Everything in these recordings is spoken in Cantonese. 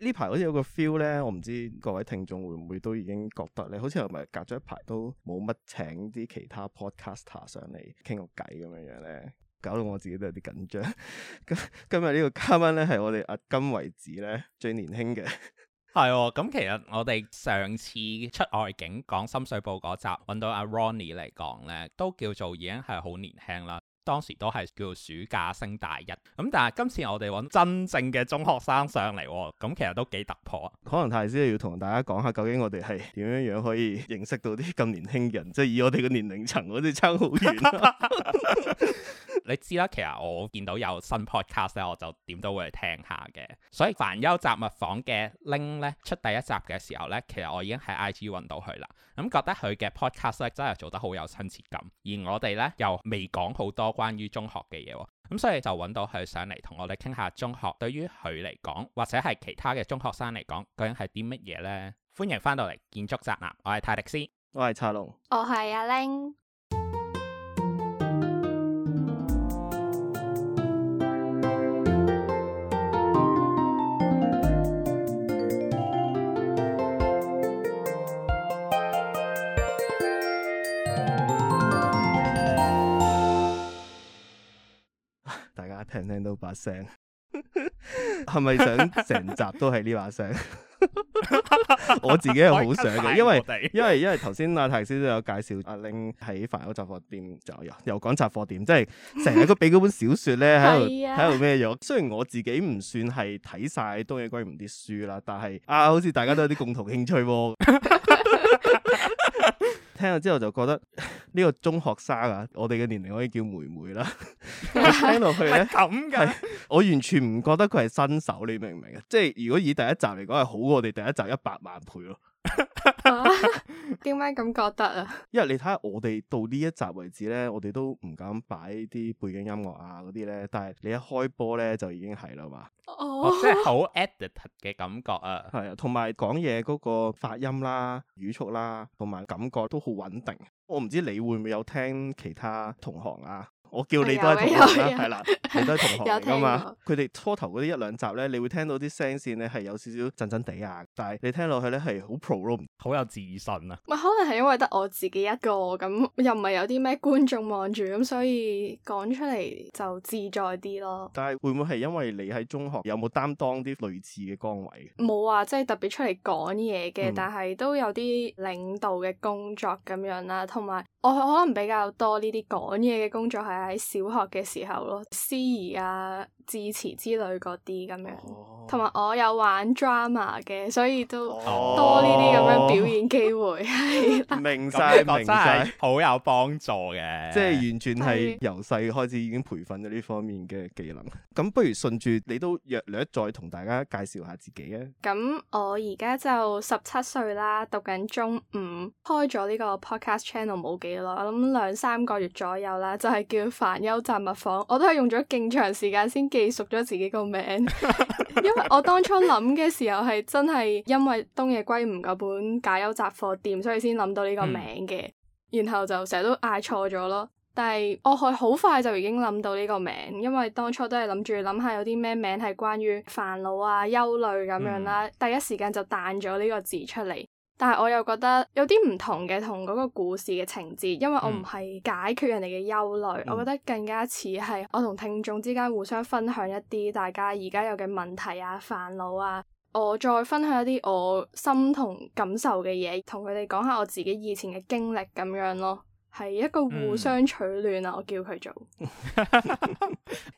呢排好似有個 feel 呢，我唔知各位聽眾會唔會都已經覺得咧，好似係咪隔咗一排都冇乜請啲其他 podcaster 上嚟傾個偈咁樣呢？搞到我自己都有啲緊張。 今日呢個嘉賓呢，係我哋阿金為止呢最年輕嘅，係 喎、哦。咁其實我哋上次出外景講深水埗嗰集揾到阿 Ronnie 嚟講呢，都叫做已經係好年輕啦。當時都係叫暑假升大一，咁但係今次我哋揾真正嘅中學生上嚟，咁其實都幾突破。可能太師要同大家講下，究竟我哋係點樣樣可以認識到啲咁年輕人，即係以我哋嘅年齡層，好似差好遠。 你知啦，其實我見到有新 podcast 咧，我就點都會聽下嘅。所以煩憂雜物房嘅 LING 咧出第一集嘅時候咧，其實我已經喺 IG 揾到佢啦。咁覺得佢嘅 podcast 真係做得好有親切感。而我哋咧又未講好多關於中學嘅嘢喎。咁所以就揾到佢上嚟同我哋傾下中學對於佢嚟講，或者係其他嘅中學生嚟講究竟係啲乜嘢呢？歡迎翻到嚟建築宅男，我係泰迪斯，我係茶龍，我係阿 LING。聽聽到把聲，係咪 想成集都係呢把聲？ 我自己又好想嘅，因為因為因為頭先阿泰先都有介紹阿 Ling 喺煩憂雜貨店就又又講雜貨店，即係成日都俾嗰本小說咧喺度喺度咩樣。雖然我自己唔算係睇晒東野圭吾啲書啦，但係啊，好似大家都有啲共同興趣，啊。 聽咗之後就覺得呢個中學生啊，我哋嘅年齡可以叫妹妹啦。 聽落去咧咁嘅， 樣 我完全唔覺得佢係新手，你明唔明？即係如果以第一集嚟講係好過我哋第一集一百萬倍咯。 點解咁覺得啊？因為你睇下我哋到呢一集為止咧，我哋都唔敢擺啲背景音樂啊嗰啲咧，但係你一開波咧就已經係啦嘛，哦，oh. oh, 即係好 edit 嘅感覺啊，係啊，同埋講嘢嗰個發音啦、語速啦，同埋感覺都好穩定。我唔知你會唔會有聽其他同行啊？我叫你多係同學啦，係啦，你多係同學㗎嘛。佢哋初頭嗰啲一兩集咧，你會聽到啲聲線咧係有少少震震地啊，但係你聽落去咧係好 pro，好有自信啊。咪可能係因為得我自己一個，咁又唔係有啲咩觀眾望住，咁所以講出嚟就自在啲咯。但係會唔會係因為你喺中學有冇擔當啲類似嘅崗位？冇啊，即係特別出嚟講嘢嘅，嗯、但係都有啲領導嘅工作咁樣啦、啊。同埋我可能比較多呢啲講嘢嘅工作係。喺小學嘅時候咯，司儀啊、致詞之類嗰啲咁樣，同埋、哦、我有玩 drama 嘅，所以都多呢啲咁樣表演機會，係、哦、 明晒了 明晒了， 好有幫助嘅，即係完全係由細開始已經培訓咗呢方面嘅技能。咁是不如順住你都略略再同大家介紹下自己啊？咁我而家就十七歲啦，讀緊中五，開咗呢個 podcast channel 冇幾耐，我諗兩三個月左右啦，就係、是、叫。煩憂雜物房，我都係用咗勁長時間先記熟咗自己個名， 因為我當初諗嘅時候係真係因為《東野圭吾》嗰本《解憂雜貨店》，所以先諗到呢個名嘅，嗯、然後就成日都嗌錯咗咯。但係我係好快就已經諗到呢個名，因為當初都係諗住諗下有啲咩名係關於煩惱啊、憂慮咁樣啦，嗯、第一時間就彈咗呢個字出嚟。但係我又覺得有啲唔同嘅同嗰個故事嘅情節，因為我唔係解決人哋嘅憂慮，我覺得更加似係我同聽眾之間互相分享一啲大家而家有嘅問題啊、煩惱啊，我再分享一啲我心同感受嘅嘢，同佢哋講下我自己以前嘅經歷咁樣咯。係一個互相取暖啊！嗯，我叫佢做，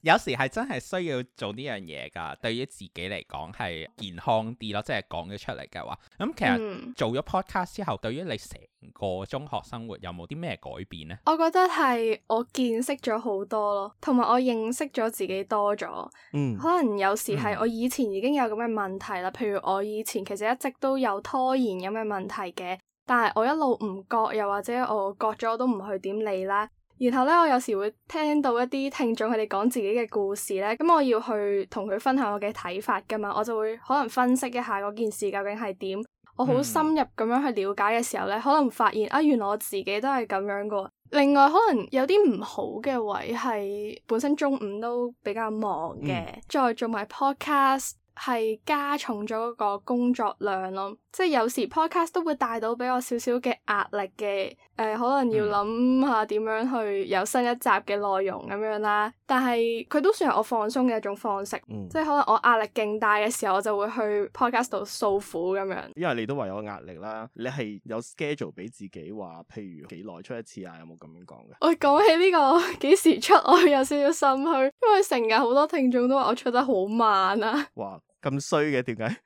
有時係真係需要做呢樣嘢噶。對於自己嚟講係健康啲咯，即係講咗出嚟嘅話。咁其實做咗 podcast 之後，對於你成個中學生活有冇啲咩改變呢？我覺得係我見識咗好多咯，同埋我認識咗自己多咗。嗯，可能有時係我以前已經有咁嘅問題啦，譬如我以前其實一直都有拖延咁嘅問題嘅。但係我一路唔覺，又或者我覺咗，我都唔去點理啦。然後呢，我有時會聽到一啲聽眾佢哋講自己嘅故事呢，咁我要去同佢分享我嘅睇法，噶嘛，我就會可能分析一下嗰件事究竟係點。嗯、我好深入咁樣去了解嘅時候呢，可能發現啊、哎，原來我自己都係咁樣噶。另外，可能有啲唔好嘅位係本身中五都比較忙嘅，嗯、再做埋 podcast 係加重咗嗰個工作量咯。即係有時 podcast 都會帶到俾我少少嘅壓力嘅，誒、呃、可能要諗下點樣去有新一集嘅內容咁樣啦。但係佢都算係我放鬆嘅一種方式，嗯、即係可能我壓力勁大嘅時候，我就會去 podcast 度訴苦咁樣。因為你都話有壓力啦，你係有 schedule 俾自己話，譬如幾耐出一次啊？有冇咁樣講嘅？我講起呢、呢個幾時出我，我有少少心虛，因為成日好多聽眾都話我出得好慢啊。哇，咁衰嘅，點解？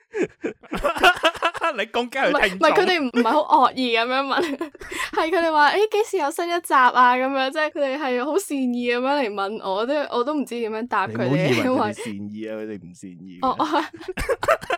你講梗係唔係佢哋唔唔係好惡意咁樣問，係佢哋話：誒、欸、幾時有新一集啊？咁樣即係佢哋係好善意咁樣嚟問我，我都我都唔知點樣答佢哋。因為善意啊，佢哋唔善意、啊。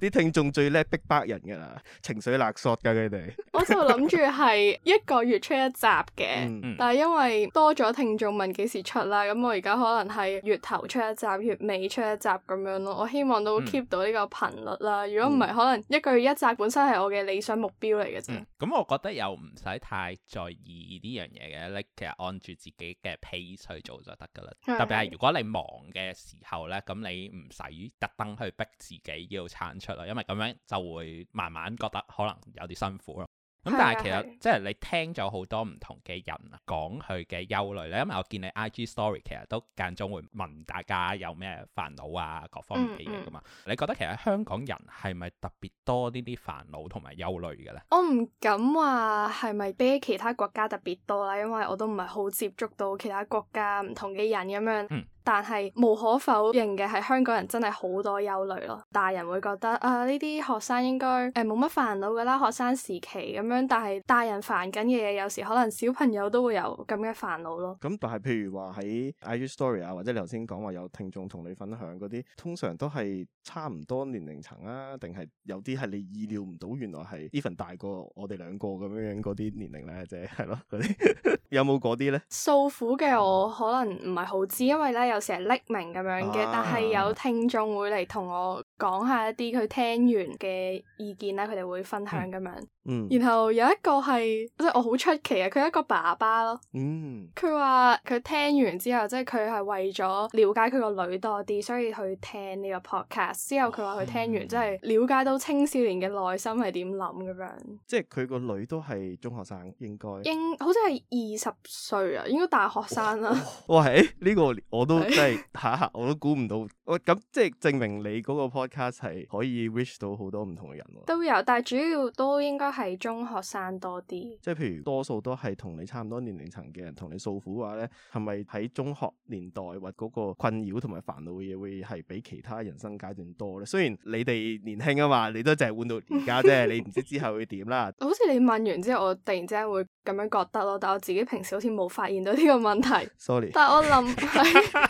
啲 聽眾最叻逼迫人噶啦，情緒勒索噶佢哋。 我就諗住係一個月出一集嘅，嗯嗯、但係因為多咗聽眾問幾時出啦，咁我而家可能係月頭出一集，月尾出一集咁樣咯。我希望都 keep 到呢個頻率啦。如果唔係，可能一個月一集本身係我嘅理想目標嚟嘅啫。咁、嗯嗯、我覺得又唔使太在意呢樣嘢嘅，咧，其實按住自己嘅 pace 去做就得噶啦。是特別係如果你忙嘅時候咧，咁你唔使特登去。逼自己要撐出咯，因為咁樣就會慢慢覺得可能有啲辛苦咯。咁的但係其實的即係你聽咗好多唔同嘅人講佢嘅憂慮咧，因為我見你 IG Story 其實都間中會問大家有咩煩惱啊，各方面嘅嘢噶嘛。嗯嗯、你覺得其實香港人係咪特別多煩惱呢啲煩惱同埋憂慮嘅咧？我唔敢話係咪比起其他國家特別多啦，因為我都唔係好接觸到其他國家唔同嘅人咁樣。嗯但係無可否認嘅係香港人真係好多憂慮咯。大人會覺得啊，呢啲學生應該誒冇乜煩惱噶啦，學生時期咁樣，但係大人煩緊嘅嘢，有時可能小朋友都會有咁嘅煩惱咯。咁但係譬如話喺 IG story 啊，或者你頭先講話有聽眾同你分享嗰啲，通常都係差唔多年齡層啊，定係有啲係你意料唔到，原來係 even 大過我哋兩個咁樣樣嗰啲年齡咧，即係係咯嗰啲，有冇嗰啲咧？訴苦嘅我可能唔係好知，因為咧有。成日匿名咁樣嘅，啊、但係有聽眾會嚟同我講下一啲佢聽完嘅意見啦，佢哋會分享咁樣。嗯然後有一個係即係我好出奇啊！佢一個爸爸咯，嗯，佢話佢聽完之後，即係佢係為咗了，了解佢個女多啲，所以去聽呢個 podcast。之後佢話佢聽完，即係、嗯、了解到青少年嘅內心係點諗咁樣。即係佢個女都係中學生，應該應好似係二十歲啊，應該大學生啦。哇，誒，呢、欸呢個我都真係吓，欸、下下我都估唔到。我咁即係證明你個 podcast 係可以 reach 到好多唔同嘅人。都有，但係主要都應該係。係中學生多啲，即係譬如多數都係同你差唔多年齡層嘅人同你訴苦嘅話咧，係咪喺中學年代或嗰個困擾同埋煩惱嘅嘢會係比其他人生階段多咧？雖然你哋年輕啊嘛，你都淨係換到而家啫， 你唔知之後會點啦。 好似你問完之後，我突然之間會咁樣覺得咯，但我自己平時好似冇發現到呢個問題。Sorry，但係我諗係。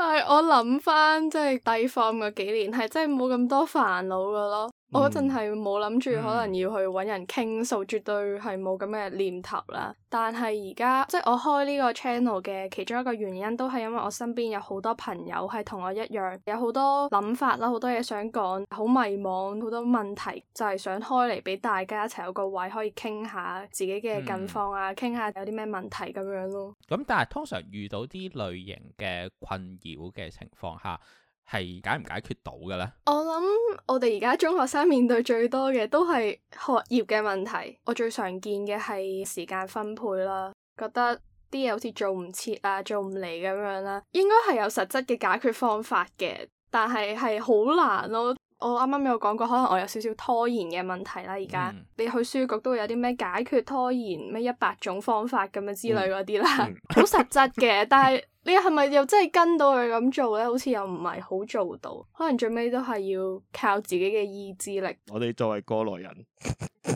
但係，我諗翻即係低 form 嗰幾年係真係冇咁多煩惱嘅咯。嗯、我嗰陣係冇諗住可能要去揾人傾訴，嗯、絕對係冇咁嘅念頭啦。但係而家即係我開呢個 channel 嘅其中一個原因，都係因為我身邊有好多朋友係同我一樣，有好多諗法啦，好多嘢想講，好迷茫，好多問題，就係、係、想開嚟俾大家一齊有個位可以傾下自己嘅近況啊，傾下、嗯、有啲咩問題咁樣咯。咁、嗯嗯、但係通常遇到啲類型嘅困嘅情況下係解唔解決到嘅咧？我諗我哋而家中學生面對最多嘅都係學業嘅問題，我最常見嘅係時間分配啦，覺得啲嘢好似做唔切啊，做唔嚟咁樣啦，應該係有實質嘅解決方法嘅，但係係好難咯。我啱啱有講過，可能我有少少拖延嘅問題啦。而家，嗯、你去書局都會有啲咩解決拖延咩一百種方法咁樣之類嗰啲啦，好實質嘅。但係你係咪又真係跟到佢咁做咧？好似又唔係好做到，可能最尾都係要靠自己嘅意志力。我哋作為過來人。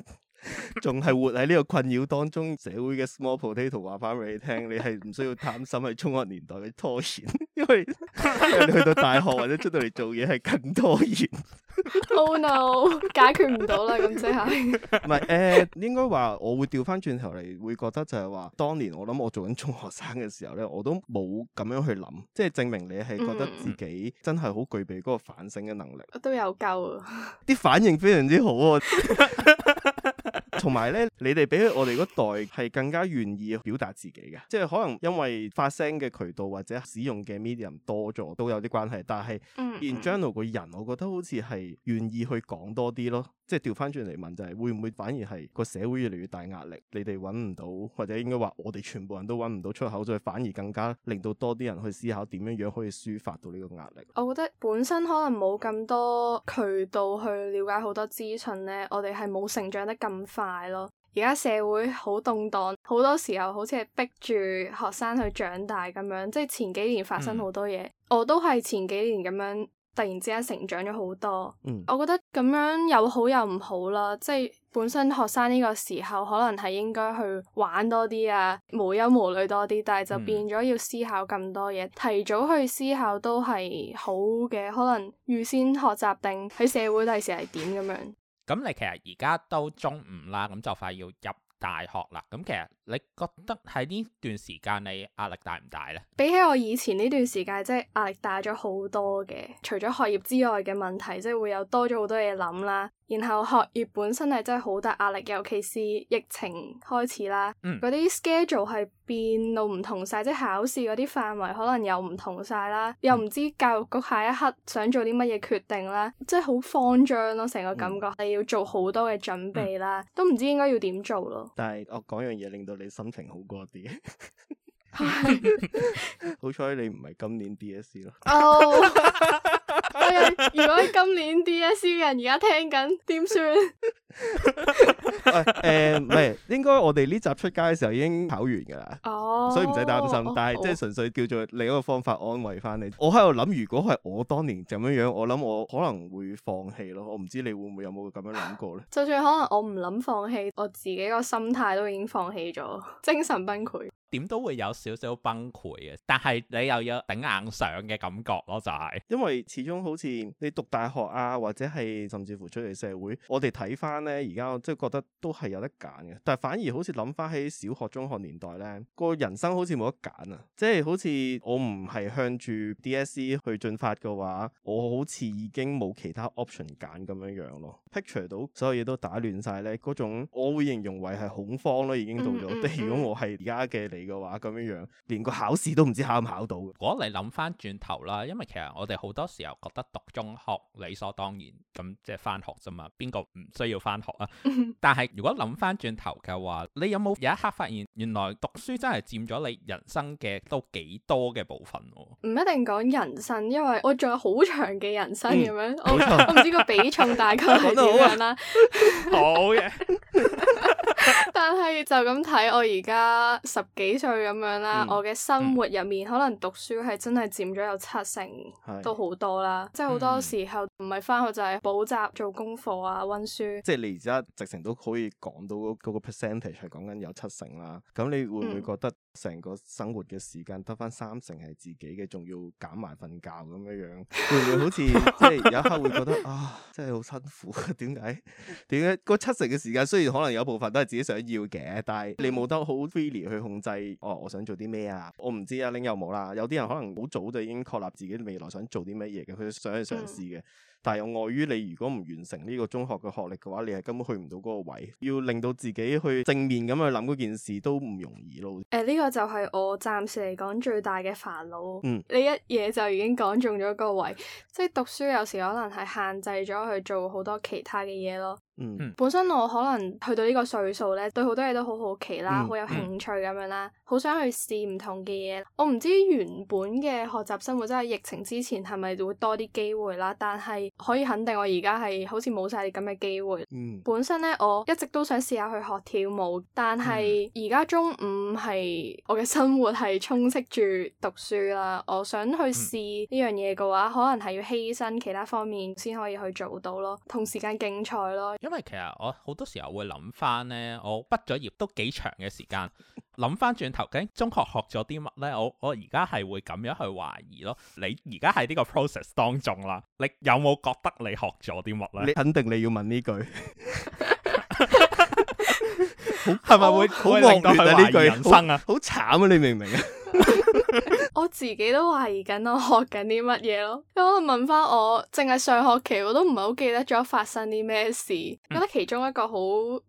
仲係活喺呢個困擾當中，社會嘅 small potato 話翻俾你聽，你係唔需要擔心去中學年代嘅拖延因，因為你去到大學或者出到嚟做嘢係更拖延。Oh no！解決唔到啦，咁即係唔係誒？應該話我會調翻轉頭嚟，會覺得就係話當年我諗我做緊中學生嘅時候咧，我都冇咁樣去諗，即係證明你係覺得自己真係好具備嗰個反省嘅能力，都有夠，啲反應非常之好 同埋咧，你哋比我哋嗰代係更加願意去表達自己嘅，即係可能因為發聲嘅渠道或者使用嘅 medium 多咗都有啲關係。但係，in general 個人，我覺得好似係願意去講多啲咯。即係調翻轉嚟問就係會唔會反而係個社會越嚟越大壓力，你哋揾唔到，或者應該話我哋全部人都揾唔到出口，所以反而更加令到多啲人去思考點樣樣可以抒發到呢個壓力。我覺得本身可能冇咁多渠道去了解好多資訊呢，我哋係冇成長得咁快咯。而家社會好動蕩，好多時候好似係逼住學生去長大咁樣。即係前幾年發生好多嘢，嗯、我都係前幾年咁樣。突然之間成長咗好多，嗯、我覺得咁樣有好有唔好啦，即係本身學生呢個時候可能係應該去玩多啲啊，無憂無慮多啲，但係就變咗要思考咁多嘢，嗯、提早去思考都係好嘅，可能預先學習定喺社會第時係點咁樣。咁、嗯、你其實而家都中五啦，咁就快要入大學啦，咁其實你覺得喺呢段時間你壓力大唔大呢？比起我以前呢段時間，即係壓力大咗好多嘅，除咗學業之外嘅問題，即係會有多咗好多嘢諗啦。然後學業本身係真係好大壓力，尤其是疫情開始啦，嗰啲、嗯、schedule 係變到唔同晒，即係考試嗰啲範圍可能又唔同晒啦，又唔知教育局下一刻想做啲乜嘢決定啦，即係好慌張咯，成個感覺係、嗯、要做好多嘅準備啦，嗯、都唔知應該要點做咯。但係我講樣嘢令到你心情好過啲，好彩你唔係今年 DSE 咯。Oh. 係啊，如果今年 DSE 嘅人而家聽緊，點算？誒、 哎、唔、呃、係，應該我哋呢集出街嘅時候已經考完噶啦，oh, 所以唔使擔心。Oh, 但係即係純粹叫做另一個方法安慰翻你。Oh. 我喺度諗，如果係我當年咁樣樣，我諗我可能會放棄咯。我唔知你會唔會有冇咁樣諗過咧？ 就算可能我唔諗放棄，我自己個心態都已經放棄咗，精神崩潰，點都會有少少崩潰嘅。但係你又要頂硬上嘅感覺咯、就是，就係因為始終好似你讀大學啊，或者係甚至乎出嚟社會，我哋睇翻。咧，而家我即係覺得都係有得揀嘅，但係反而好似諗翻起小學、中學年代咧，個人生好似冇得揀啊！即係好似我唔係向住 DSE 去進發嘅話，我好似已經冇其他 option 揀咁樣樣咯。Picture 到，嗯嗯嗯，所有嘢都打亂晒咧，嗰種我會形容為係恐慌咯，已經到咗。即，嗯嗯嗯，如果我係而家嘅你嘅話，咁樣樣連個考試都唔知考唔考到。如果你諗翻轉頭啦，因為其實我哋好多時候覺得讀中學理所當然，咁即係翻學啫嘛，邊個唔需要翻學啊！ 但係如果諗翻轉頭嘅話，你有冇有，有一刻發現原來讀書真係佔咗你人生嘅都幾多嘅部分？唔一定講人生，因為我仲有好長嘅人生咁樣，嗯、我 我唔知個比重大概係點樣啦 。好嘅。 但係就咁睇，我而家十幾歲咁樣啦，嗯、我嘅生活入面、嗯、可能讀書係真係佔咗有七成，是都好多啦。嗯、即係好多時候唔係返學就係補習做功課啊、溫書，即係你而家直情都可以講到、嗰個 percentage 係講緊有七成啦。咁你會唔會覺得成個生活嘅時間得返三成係自己嘅，仲要減埋瞓覺咁樣樣，會唔會好似 即係有一刻會覺得啊，真係好辛苦啊？點解？點解個七成嘅時間雖然可能有部分都係自己想。要嘅，但係你冇得好 freely 去控制，哦，我想做啲咩啊？我唔知啊，拎又冇啦。有啲人可能好早就已經確立自己未來想做啲乜嘢嘅，佢想去嘗試嘅。嗯但係有礙於你，如果唔完成呢個中學嘅學歷嘅話，你係根本去唔到嗰個位。要令到自己去正面咁去諗嗰件事都唔容易咯。誒、啊、呢、這個就係我暫時嚟講最大嘅煩惱。嗯、你一嘢就已經講中咗個位，即係讀書有時可能係限制咗去做好多其他嘅嘢咯。嗯，本身我可能去到呢個歲數呢，對好多嘢都好好奇啦，好、嗯、有興趣咁樣啦，好、嗯、想去試唔同嘅嘢。我唔知原本嘅學習生活真係疫情之前係咪會多啲機會啦，但係。可以肯定，我而家係好似冇晒咁嘅機會。嗯、本身咧，我一直都想試下去學跳舞，但係而家中五係我嘅生活係充斥住讀書啦。我想去試呢樣嘢嘅話，可能係要犧牲其他方面先可以去做到咯，同時間競賽咯。因為其實我好多時候會諗翻咧，我畢咗業都幾長嘅時間，諗翻轉頭，究竟中學學咗啲乜咧？我我而家係會咁樣去懷疑咯。你而家喺呢個 process 當中啦，你有冇？覺得你學咗啲乜咧？你肯定你要問呢句，係咪會好望月呢句人生啊？好慘啊！你明唔明啊？ 我自己都懷疑緊我學緊啲乜嘢咯，因 為問翻我，淨係上學期我都唔係好記得咗發生啲咩事。嗯、覺得其中一個好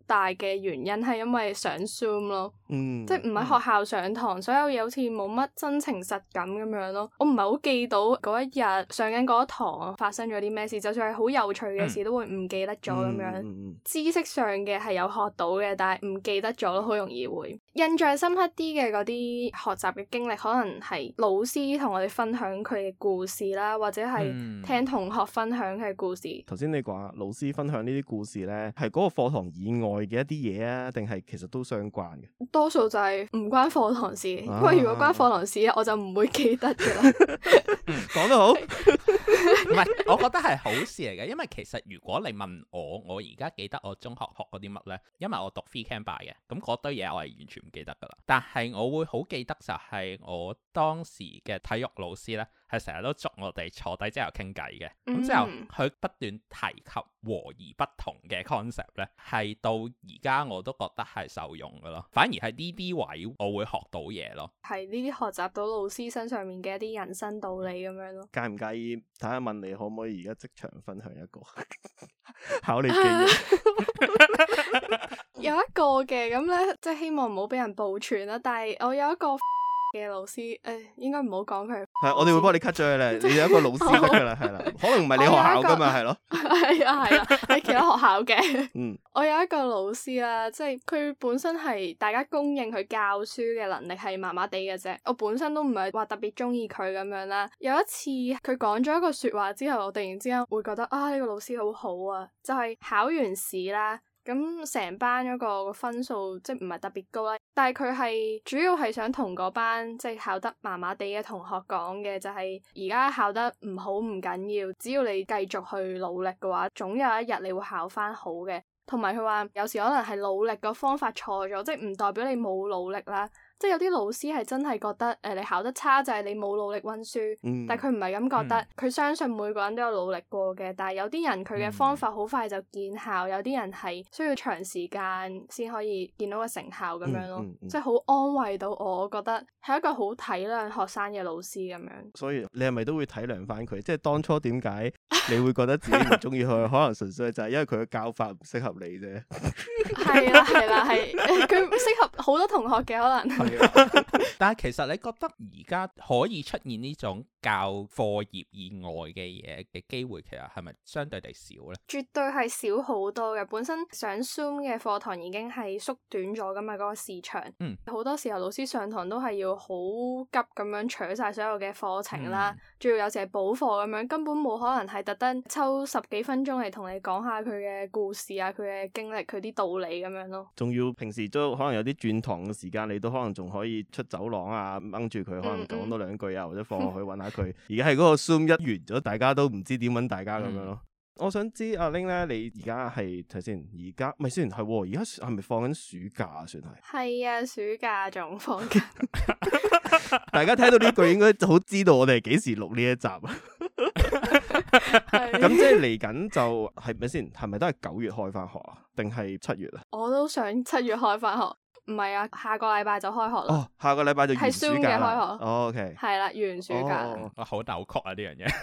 大嘅原因係因為想 Zoom 咯，嗯、即係唔喺學校上堂，嗯、所以好似冇乜真情實感咁樣咯。我唔係好記到嗰一日上緊嗰堂發生咗啲咩事，就算係好有趣嘅事、嗯、都會唔記得咗咁樣。嗯嗯、知識上嘅係有學到嘅，但係唔記得咗咯，好容易會印象深刻啲嘅嗰啲學習嘅經歷，可能係。老師同我哋分享佢嘅故事啦，或者係聽同學分享佢嘅故事。頭先、嗯、你講老師分享呢啲故事呢，係嗰個課堂以外嘅一啲嘢啊，定係其實都相關嘅？多數就係唔關課堂事，啊、因為如果關課堂事、啊、我就唔會記得噶啦。講 得好。 唔係， 我覺得係好事嚟嘅，因為其實如果你問我，我而家記得我中學學過啲乜呢？因為我讀 free camp 嘅，咁嗰堆嘢我係完全唔記得㗎喇。但係我會好記得就係我當時嘅體育老師呢。成日都捉我哋坐低、嗯、之後傾偈嘅，咁之後佢不斷提及和而不同嘅 concept 咧，係到而家我都覺得係受用嘅咯。反而喺呢啲位，我會學到嘢咯。係呢啲學習到老師身上面嘅一啲人生道理咁樣咯。樣咯，介唔介意睇下，問你可唔可以而家即場分享一個 考你經驗？有一個嘅咁咧，即係希望唔好俾人保存啦。但係我有一個。嘅老師誒，應該唔好講佢。係，我哋會幫你 cut 咗佢咧。你有一個老師啦，係啦，可能唔係你學校噶嘛，係咯。係啊係啊，喺其他學校嘅。嗯。我有一個老師啦，即係佢本身係大家公認佢教書嘅能力係麻麻地嘅啫。我本身都唔係話特別中意佢咁樣啦。有一次佢講咗一個說話之後，我突然之間會覺得啊，呢個老師好好啊！就係考完試啦。咁成班嗰個分數即係唔係特別高啦，但係佢係主要係想同嗰班即係、就係、考得麻麻地嘅同學講嘅，就係而家考得唔好唔緊要，只要你繼續去努力嘅話，總有一日你會考翻好嘅。同埋佢話有時可能係努力個方法錯咗，即係唔代表你冇努力啦。即係有啲老師係真係覺得，誒你考得差就係你冇努力温書，但係佢唔係咁覺得，佢相信每個人都有努力過嘅。但係有啲人佢嘅方法好快就見效，有啲人係需要長時間先可以見到個成效咁樣咯。即係好安慰到我，覺得係一個好體諒學生嘅老師咁樣。所以你係咪都會體諒返佢？即係當初點解你會覺得自己唔中意佢？可能純粹就係因為佢嘅教法唔適合你啫。係啦係啦係，佢唔適合好多同學嘅可能。 但係其實，你覺得而家可以出現呢種教課業以外嘅嘢嘅機會其實係咪相對地少咧？絕對係少好多嘅。本身上 Zoom 嘅課堂已經係縮短咗噶嘛，嗰個時長。嗯。好多時候老師上堂都係要好急咁樣取晒所有嘅課程啦，仲要、嗯、有時係補課咁樣，根本冇可能係特登抽十幾分鐘嚟同你講下佢嘅故事啊，佢嘅經歷佢啲道理咁樣咯。仲要平時都可能有啲轉堂嘅時間，你都可能仲可以出走廊啊，掹住佢可能講多兩句啊，嗯嗯或者放學去揾下。 佢而家係嗰個 Zoom 一完咗，大家都唔知點揾大家咁樣咯。嗯、我想知阿玲咧，你而家係睇先，而家咪雖然係，而家係咪放緊暑假、啊、算係？係啊，暑假仲放緊。 大家睇到呢句應該就好知道我哋係幾時錄呢一集啦、啊。咁 是即係嚟緊就係咪先？係咪都係九月開翻學啊？定係七月啊？我都想七月開翻學。唔係啊，下個禮拜就開學啦、哦。下個禮拜就係暑假開學。哦，OK，係啦，元暑假。哇，好扭曲啊！呢樣嘢，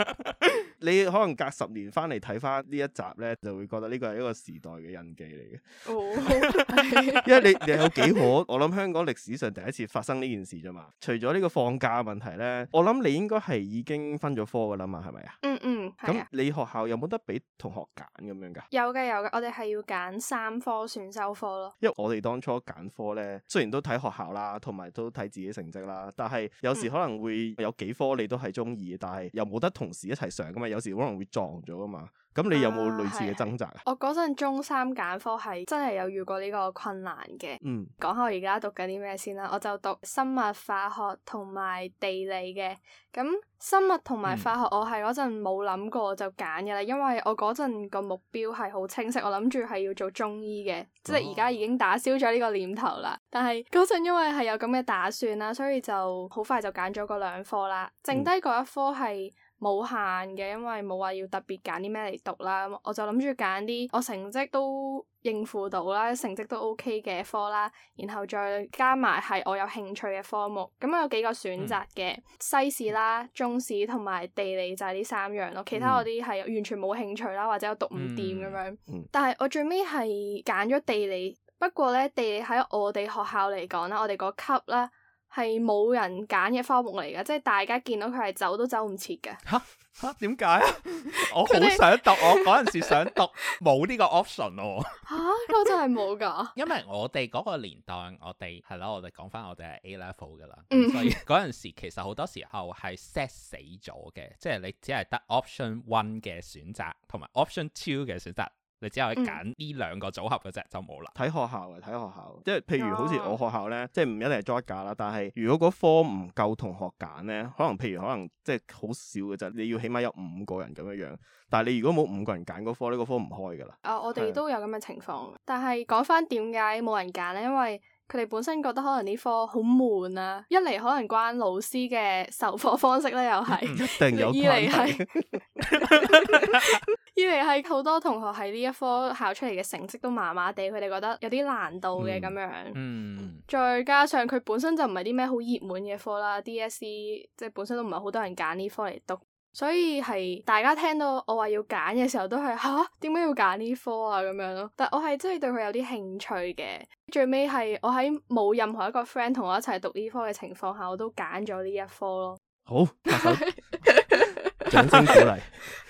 你可能隔十年翻嚟睇翻呢一集咧，就會覺得呢個係一個時代嘅印記嚟嘅。哦， 因為你你有幾可？我諗香港歷史上第一次發生呢件事啫嘛。除咗呢個放假問題咧，我諗你應該係已經分咗科噶啦嘛，係咪啊？嗯嗯，咁你學校有冇得俾同學揀咁樣噶？有嘅有嘅，我哋係要揀三科選修科咯。因為我哋當初揀科咧，雖然都睇學校啦，同埋都睇自己成績啦，但係有時可能會有幾科你都係中意，但係又冇得同時一齊上噶嘛，有時可能會撞咗噶嘛。咁你有冇類似嘅掙扎啊？我嗰陣中三揀科係真係有遇過呢個困難嘅。嗯，講下我而家讀緊啲咩先啦？我就讀生物化學同埋地理嘅。咁生物同埋化學我係嗰陣冇諗過就揀嘅啦，嗯、因為我嗰陣個目標係好清晰，我諗住係要做中醫嘅，即係而家已經打消咗呢個念頭啦。哦、但係嗰陣因為係有咁嘅打算啦，所以就好快就揀咗嗰兩科啦，嗯、剩低嗰一科係。冇限嘅，因為冇話要特別揀啲咩嚟讀啦，我就諗住揀啲我成績都應付到啦，成績都 OK 嘅科啦，然後再加埋係我有興趣嘅科目，咁有幾個選擇嘅、嗯、西史啦、中史同埋地理就係呢三樣咯，其他嗰啲係完全冇興趣啦，或者我讀唔掂咁樣，嗯、但係我最尾係揀咗地理，不過咧地理喺我哋學校嚟講啦，我哋嗰級啦。係冇人揀嘅科目嚟噶，即係大家見到佢係走都走唔切嘅。吓吓，點解啊？啊 他們 我好想讀，我嗰陣時想讀，冇呢個 option 咯、啊。吓 啊，嗰真係冇噶。 因為我哋嗰個年代，我哋係囉，我哋講翻我哋係 A level 噶啦， 所以嗰陣時其實好多時候係 set 死咗嘅，即係你只係得 option one 嘅選擇，同埋 option two 嘅選擇。你只可以揀呢兩個組合嘅啫，就冇啦。睇學校嘅、啊，睇學校、啊，即係譬如好似我學校咧，oh. 即係唔一定係 graduate 啦。但係如果嗰科唔夠同學揀咧，可能譬如可能即係好少嘅啫。你要起碼有五個人咁樣樣，但係你如果冇五個人揀嗰科，呢、呢個科唔開噶啦。啊、oh, 是，uh, 我哋都有咁嘅情況，但係講翻點解冇人揀咧？因為。佢哋本身覺得可能呢科好悶啊，一嚟可能關老師嘅授課方式啦，又係， 一 二嚟係二嚟係好多同學喺呢一科考出嚟嘅成績都麻麻地，佢哋覺得有啲難度嘅咁樣嗯。嗯，再加上佢本身就唔係啲咩好熱門嘅科啦，DSE 即係本身都唔係好多人揀呢科嚟讀。所以係大家聽到我話要揀嘅時候都，都係吓，點解要揀呢科啊？咁樣咯。但我係真係對佢有啲興趣嘅。最尾係我喺冇任何一個 friend 同我一齊讀呢科嘅情況下，我都揀咗呢一科咯。好 掌聲鼓勵。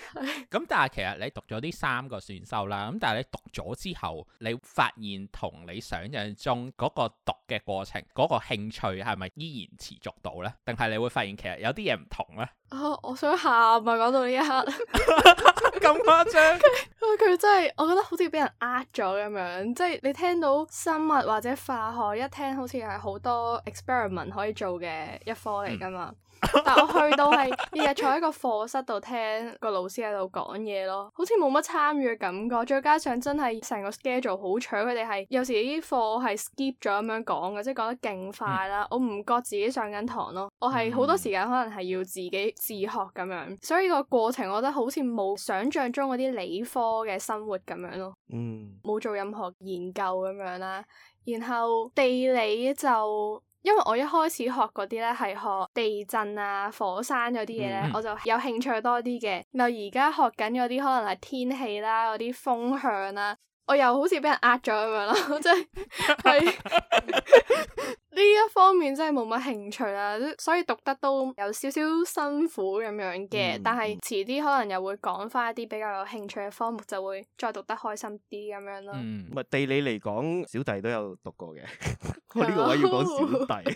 咁 但係其實你讀咗呢三個選修啦，咁但係你讀咗之後，你發現同你想象中嗰個讀嘅過程，嗰、嗰個興趣係咪依然持續到呢？定係你會發現其實有啲嘢唔同呢？啊、哦，我想喊啊！講到呢一刻咁誇張，佢 佢 真係，我覺得好似俾人呃咗咁樣。即係你聽到生物或者化學，一聽好似係好多 experiment 可以做嘅一科嚟噶嘛。嗯 但我去到係日日坐喺個課室度聽個老師喺度講嘢咯，好似冇乜參與嘅感覺。再加上真係成個 schedule 好搶，佢哋係有時啲課係 skip 咗咁樣講嘅，即係講得勁快啦。嗯、我唔覺自己上緊堂咯，我係好多時間可能係要自己自學咁樣。所以個過程我覺得好似冇想象中嗰啲理科嘅生活咁樣咯，嗯，冇做任何研究咁樣啦。然後地理就。因為我一開始學嗰啲咧，係學地震啊、火山嗰啲嘢咧，嗯、我就有興趣多啲嘅。然後而家學緊嗰啲可能係天氣啦、嗰啲風向啦，我又好似俾人呃咗咁樣咯，即係係。呢一方面真係冇乜興趣啦，所以讀得都有少少辛苦咁樣嘅。嗯、但係遲啲可能又會講翻一啲比較有興趣嘅科目，就會再讀得開心啲咁樣咯。唔係、嗯、地理嚟講，小弟都有讀過嘅。呢 個位要講小弟，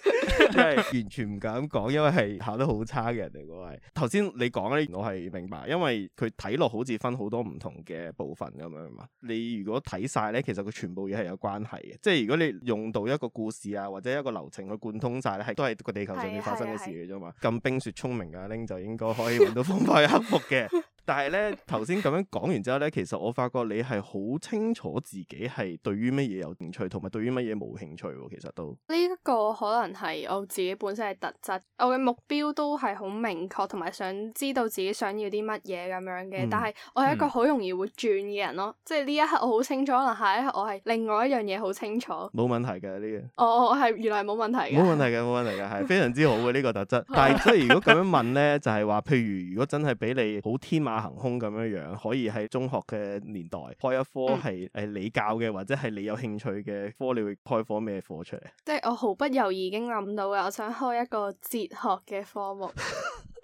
即 係 完全唔敢講，因為係考得好差嘅人嚟講係。頭先你講咧，我係明白，因為佢睇落好似分好多唔同嘅部分咁樣嘛。你如果睇晒咧，其實佢全部嘢係有關係嘅。即係如果你用到一個故事啊，或者一個。流程去貫通晒，咧，係都係個地球上面發生嘅事嚟啫嘛。咁冰雪聰明嘅阿玲就應該可以揾到方法去克服嘅。 但係咧，頭先咁樣講完之後咧，其實我發覺你係好清楚自己係對於乜嘢有興趣，同埋對於乜嘢冇興趣喎。其實都呢一個可能係我自己本身係特質，我嘅目標都係好明確，同埋想知道自己想要啲乜嘢咁樣嘅。嗯、但係我係一個好容易會轉嘅人咯，嗯、即係呢一刻我好清楚，可能下一刻我係另外一樣嘢好清楚。冇問題嘅呢、這個，哦、我我係原來冇問題嘅。冇問題嘅，冇問題嘅係 非常之好嘅呢、這個特質。但係即係如果咁樣問咧，就係、是、話，譬如如果真係俾你好天馬行空咁樣樣，可以喺中學嘅年代開一科係誒，你教嘅或者係你有興趣嘅科，你會開科咩課出嚟？即係我毫不猶豫已經諗到嘅，我想開一個哲學嘅科目。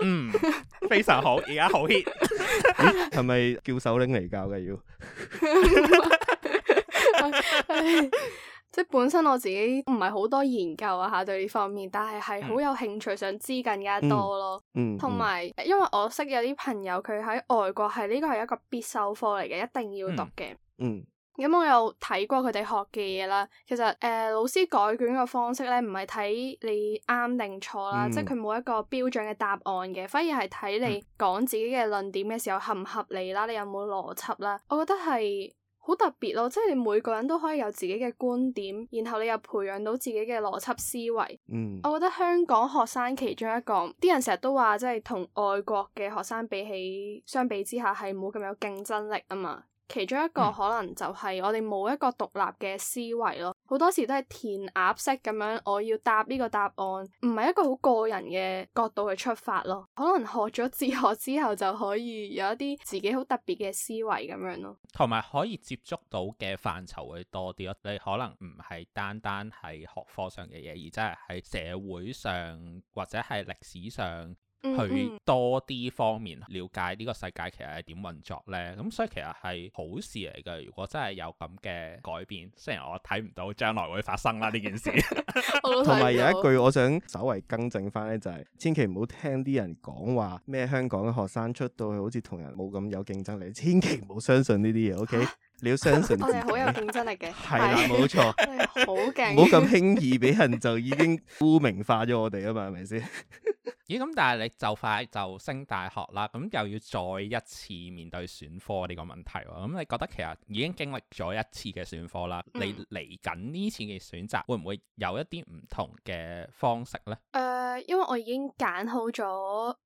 嗯，非常好，而家好 hit，係咪叫手拎嚟教嘅要？ 即本身我自己唔係好多研究啊，吓，對呢方面，但係係好有興趣想知更加多咯。嗯，同、嗯、埋因為我識有啲朋友佢喺外國係呢、這個係一個必修課嚟嘅，一定要讀嘅、嗯。嗯、咁、嗯、我有睇過佢哋學嘅嘢啦。其實誒、呃、老師改卷嘅方式咧，唔係睇你啱定錯啦，嗯、即係佢冇一個標準嘅答案嘅，反而係睇你講自己嘅論點嘅時候合唔合理啦，你有冇邏輯啦。我覺得係。好特別咯，即係你每個人都可以有自己嘅觀點，然後你又培養到自己嘅邏輯思維。嗯，我覺得香港學生其中一個，啲人成日都話，即係同外國嘅學生比起，相比之下係冇咁有競爭力啊嘛。其中一個可能就係我哋冇一個獨立嘅思維咯，好多時都係填鴨式咁樣，我要答呢個答案，唔係一個好個人嘅角度去出發咯。可能學咗哲學之後就可以有一啲自己好特別嘅思維咁樣咯，同埋可以接觸到嘅範疇會多啲咯。你可能唔係單單係學科上嘅嘢，而真係喺社會上或者係歷史上。去多啲方面了解呢個世界其實係點運作呢？咁所以其實係好事嚟㗎。如果真係有咁嘅改變，雖然我睇唔到將來會發生啦呢 件事。同埋有一句我想稍微更正翻呢、就係，就係千祈唔好聽啲人講話咩香港嘅學生出到去好似同人冇咁有，有競爭力，千祈唔好相信呢啲嘢，OK？你要相信自己 我哋好有競爭力嘅。係啦 的，冇錯。好勁。唔好咁輕易俾人就已經污名化咗我哋啊嘛，係咪先？咦，咁但係你就快就升大學啦，咁又要再一次面對選科呢個問題喎。咁你覺得其實已經經歷咗一次嘅選科啦，嗯、你嚟緊呢次嘅選擇會唔會有一啲唔同嘅方式咧？誒、呃，因為我已經揀好咗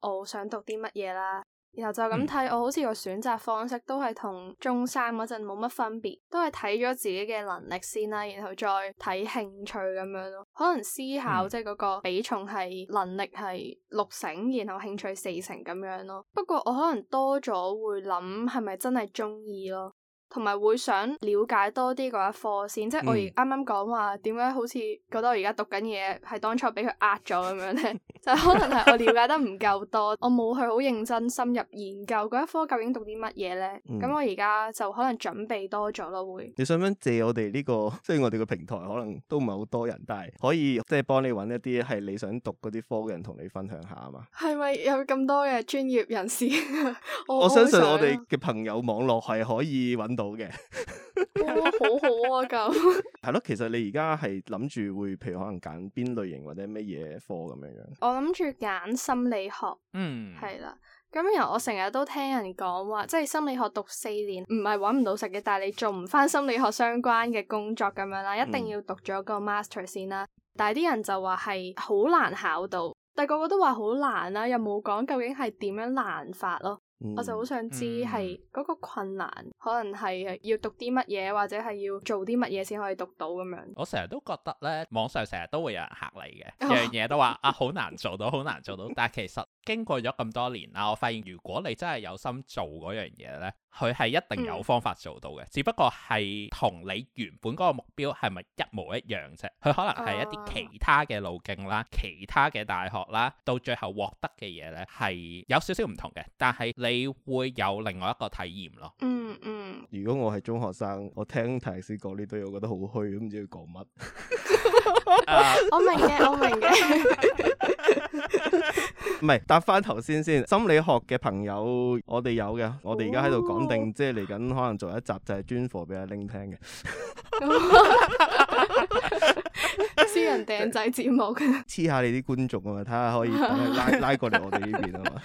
我想讀啲乜嘢啦。然後就咁睇，我好似個選擇方式都係同中三嗰陣冇乜分別，都係睇咗自己嘅能力先啦，然後再睇興趣咁樣咯。可能思考即係嗰個比重係能力係六成，然後興趣四成咁樣咯。不過我可能多咗會諗係咪真係鍾意咯。.同埋會想了解多啲嗰一科先，即係我而啱啱講話點解好似覺得我而家讀緊嘢係當初俾佢呃咗咁樣咧， 就係可能係我了解得唔夠多， 我冇去好認真深入研究嗰一科究竟讀啲乜嘢咧。咁、嗯、我而家就可能準備多咗咯。會你想唔想借我哋呢、呢個，雖然我哋嘅平台可能都唔係好多人，但係可以即係幫你揾一啲係你想讀嗰啲科嘅人同你分享下啊嘛？係咪有咁多嘅專業人士？ 我，我相信我哋嘅朋友網絡係可以揾到。好嘅、 哦，好好啊咁。係咯， 其實你而家係諗住會，譬如可能揀邊類型或者咩嘢科咁樣樣。我諗住揀心理學，嗯，係啦。咁然後我成日都聽人講話，即係心理學讀四年唔係搵唔到食嘅，但係你做唔翻心理學相關嘅工作咁樣啦，一定要讀咗個 master 先啦。嗯、但係啲人就話係好難考到，但係個個都話好難啦、啊，又冇講究竟係點樣難法咯。我就好想知係嗰個困難，嗯、可能係要讀啲乜嘢，或者係要做啲乜嘢先可以讀到咁樣。我成日都覺得咧，網上成日都會有人嚇你嘅樣嘢，都話 啊好難做到，好難做到。但係其實經過咗咁多年啦，我發現如果你真係有心做嗰樣嘢咧。佢係一定有方法做到嘅，嗯、只不過係同你原本嗰個目標係咪一模一樣啫？佢可能係一啲其他嘅路徑啦，其他嘅大學啦，到最後獲得嘅嘢呢係有少少唔同嘅，但係你會有另外一個體驗咯。嗯嗯。如果我係中學生，我聽泰師講呢堆，我覺得好虛，都唔知佢講乜。 Uh, 我明嘅，我明嘅 ，唔係答翻頭先先，心理學嘅朋友我哋有嘅，我哋而家喺度講定，哦、即係嚟緊可能做一集就係專課俾阿 Ling 聽嘅。 私人訂製節目，黐下你啲觀眾啊嘛，睇下可以拉 拉，拉過嚟我哋呢邊啊嘛。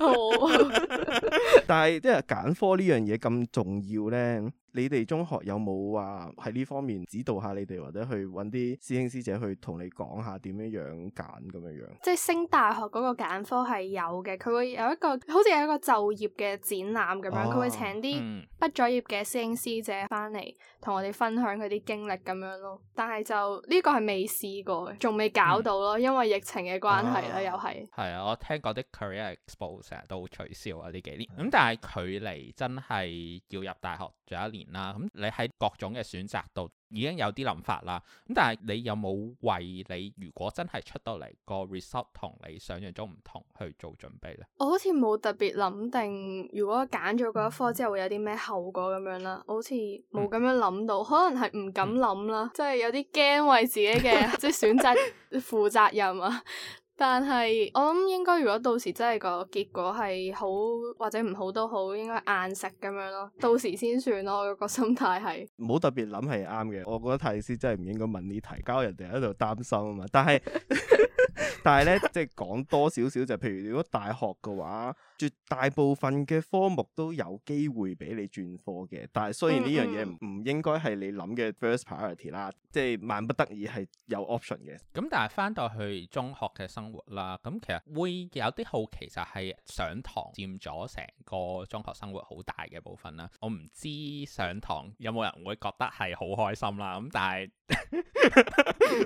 好， 但係即係揀科呢樣嘢咁重要咧，你哋中學有冇話喺呢方面指導下你哋，或者去搵啲師兄師姐去同你講下點樣樣揀咁樣樣？即係升大學嗰個揀科係有嘅，佢會有一個好似有一個就業嘅展覽咁樣，佢、哦、會請啲畢咗業嘅師兄師姐翻嚟同我哋分享佢啲經歷咁樣咯。但係就呢、這個。都係未試過，仲未搞到咯，嗯、因為疫情嘅關係咧，啊、又係係啊！我聽過啲 Career Expo 成日都取消啊，呢幾年咁，但係距離真係要入大學仲有一年啦。咁你喺各種嘅選擇度，.已經有啲諗法啦，咁但係你有冇為你如果真係出到嚟，個 result 同你想象中唔同去做準備咧？我好似冇特別諗定，如果揀咗嗰一科之後會有啲咩後果咁樣啦，我好似冇咁樣諗到，嗯、可能係唔敢諗啦，即係、嗯、有啲驚為自己嘅即係選擇負責任啊。但係我諗應該，如果到時真係個結果係好或者唔好都好，應該硬食咁樣咯，到時先算咯。個心態係唔好特別諗係啱嘅，我覺得太師真係唔應該問呢題，搞人哋喺度擔心啊嘛。但係 但係咧，即係講多少少就是、譬如如果大學嘅話，絕大部分嘅科目都有機會俾你轉科嘅。但係雖然呢樣嘢唔應該係你諗嘅 first priority 啦、嗯嗯，即係萬不得已係有 option 嘅。咁但係翻到去中學嘅心生活啦，咁其實會有啲好奇，就係上堂佔咗成個中學生活好大嘅部分啦。我唔知上堂有冇人會覺得係好開心啦，咁但係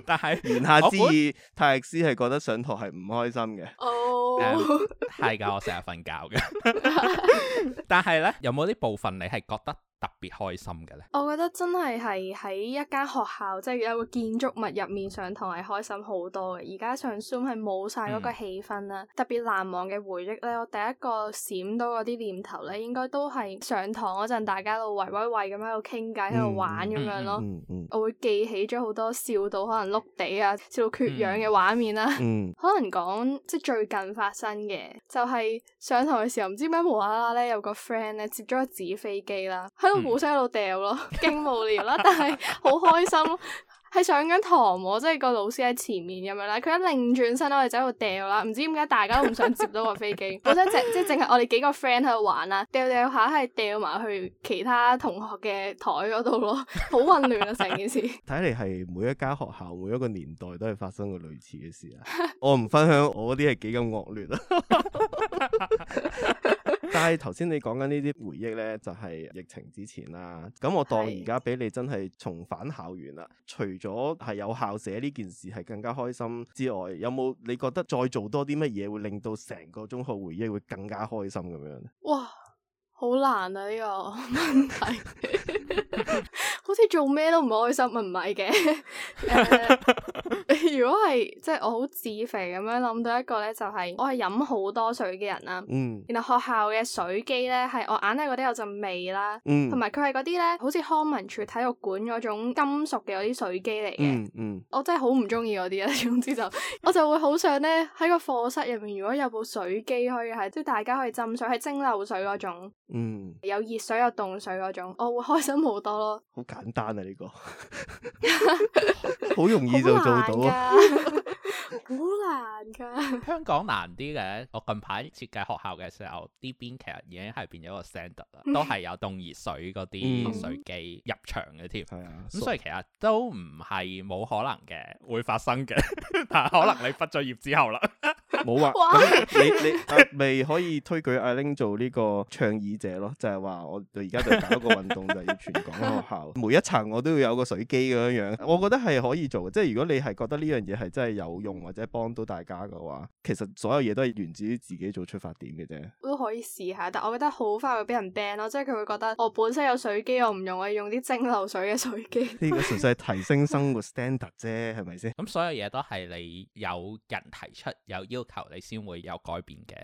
但係言下之意，泰利斯係覺得上堂係唔開心嘅。哦，係噶，我成日瞓覺嘅。但係咧，有冇啲部分你係覺得？特別開心嘅咧，我覺得真係係喺一間學校，即係有個建築物入面上堂係開心好多嘅。而家上 Zoom 係冇晒嗰個氣氛啦，嗯、特別難忘嘅回憶咧。我第一個閃到嗰啲念頭咧，應該都係上堂嗰陣，大家喺度圍圍圍咁喺度傾偈，喺度玩咁、嗯、樣咯。嗯嗯嗯、我會記起咗好多笑到可能碌地啊，笑到缺氧嘅畫面啦、啊。嗯嗯、 可能講即係最近發生嘅，就係、是、上堂嘅時候唔知咩無啦啦咧，有個 friend 咧接咗個紙飛機啦。喺度冇聲喺度掉咯，勁、嗯、 無聊啦，但係好開心。係 上緊堂喎，即、就、係、是、個老師喺前面咁樣啦。佢一擰轉身我哋就喺度掉啦。唔知點解大家都唔想接到個飛機。本身 即係即係淨係我哋幾個 friend 喺度玩啦，掉掉下係掉埋去其他同學嘅台嗰度咯，好混亂啊成件事。睇嚟，係每一家學校每一個年代都係發生過類似嘅事啊。 我唔分享我嗰啲係幾咁惡劣啊。 但係頭先你講緊呢啲回憶呢，就係、是、疫情之前啦。咁我當而家俾你真係重返校園啦。是除咗係有校舍呢件事係更加開心之外，有冇你覺得再做多啲乜嘢會令到成個中學回憶會更加開心咁樣呢？哇好難啊呢、這個問題， 好似做咩都唔開心，唔係嘅。 uh, 如果係即係我好自肥咁樣諗到一個咧，就係、是、我係飲好多水嘅人啦、啊。嗯，然後學校嘅水機咧係我硬係覺得有陣味啦、啊。同埋佢係嗰啲咧，好似康文署體育館嗰種金屬嘅嗰啲水機嚟嘅、嗯。嗯我真係好唔中意嗰啲啊，總之就 我就會好想咧喺個課室入面，如果有部水機可以係，即係大家可以斟水，係蒸餾水嗰種。嗯，有熱水有凍水嗰種，我會開心好多咯。好簡單啊呢個，好容易就做到，啊。好難噶。香港難啲嘅，我近排設計學校嘅時候，呢邊其實已經係變咗個 standard 啦，都係有凍熱水嗰啲水機入場嘅添。係啊，咁所以其實都唔係冇可能嘅會發生嘅，但可能你畢咗業之後啦，冇啊。你你未可以推舉阿 Ling 做呢個長椅？者咯，就係話我而家就搞一個運動，就要全港學校 每一層我都要有個水機咁樣樣。我覺得係可以做嘅。即係如果你係覺得呢樣嘢係真係有用或者幫到大家嘅話，其實所有嘢都係源自於自己做出發點嘅啫。都可以試下，但我覺得好快會俾人 ban 咯，即係佢會覺得我本身有水機我唔用，我用啲蒸餾水嘅水機。呢 個純粹係提升生活 standard 啫，係咪先？咁所有嘢都係你有人提出有要求，你先會有改變嘅。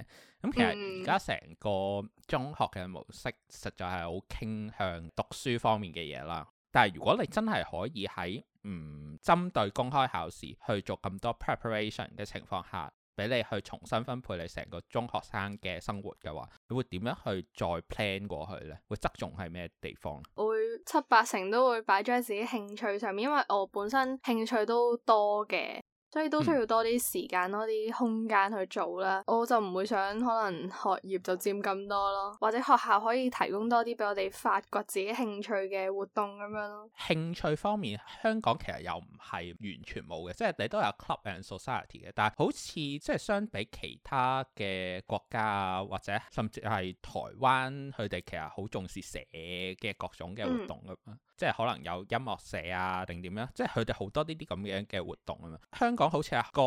咁、嗯、其實而家成個中學嘅模式，實在係好傾向讀書方面嘅嘢啦。但係如果你真係可以喺唔、嗯、針對公開考試去做咁多 preparation 嘅情況下，俾你去重新分配你成個中學生嘅生活嘅話，你會點樣去再 plan 過去呢？會側重係咩地方？會七八成都會擺在自己興趣上面，因為我本身興趣都多嘅。所以都需要多啲時間、嗯、多啲空間去做啦。我就唔會想可能學業就佔咁多咯，或者學校可以提供多啲俾我哋發掘自己興趣嘅活動咁樣咯。興趣方面，香港其實又唔係完全冇嘅，即係你都有 club and society 嘅。但係好似即係相比其他嘅國家啊，或者甚至係台灣，佢哋其實好重視社嘅各種嘅活動咁啊。嗯即係可能有音樂社啊，定點樣？即係佢哋好多呢啲咁樣嘅活動啊嘛。香港好似係個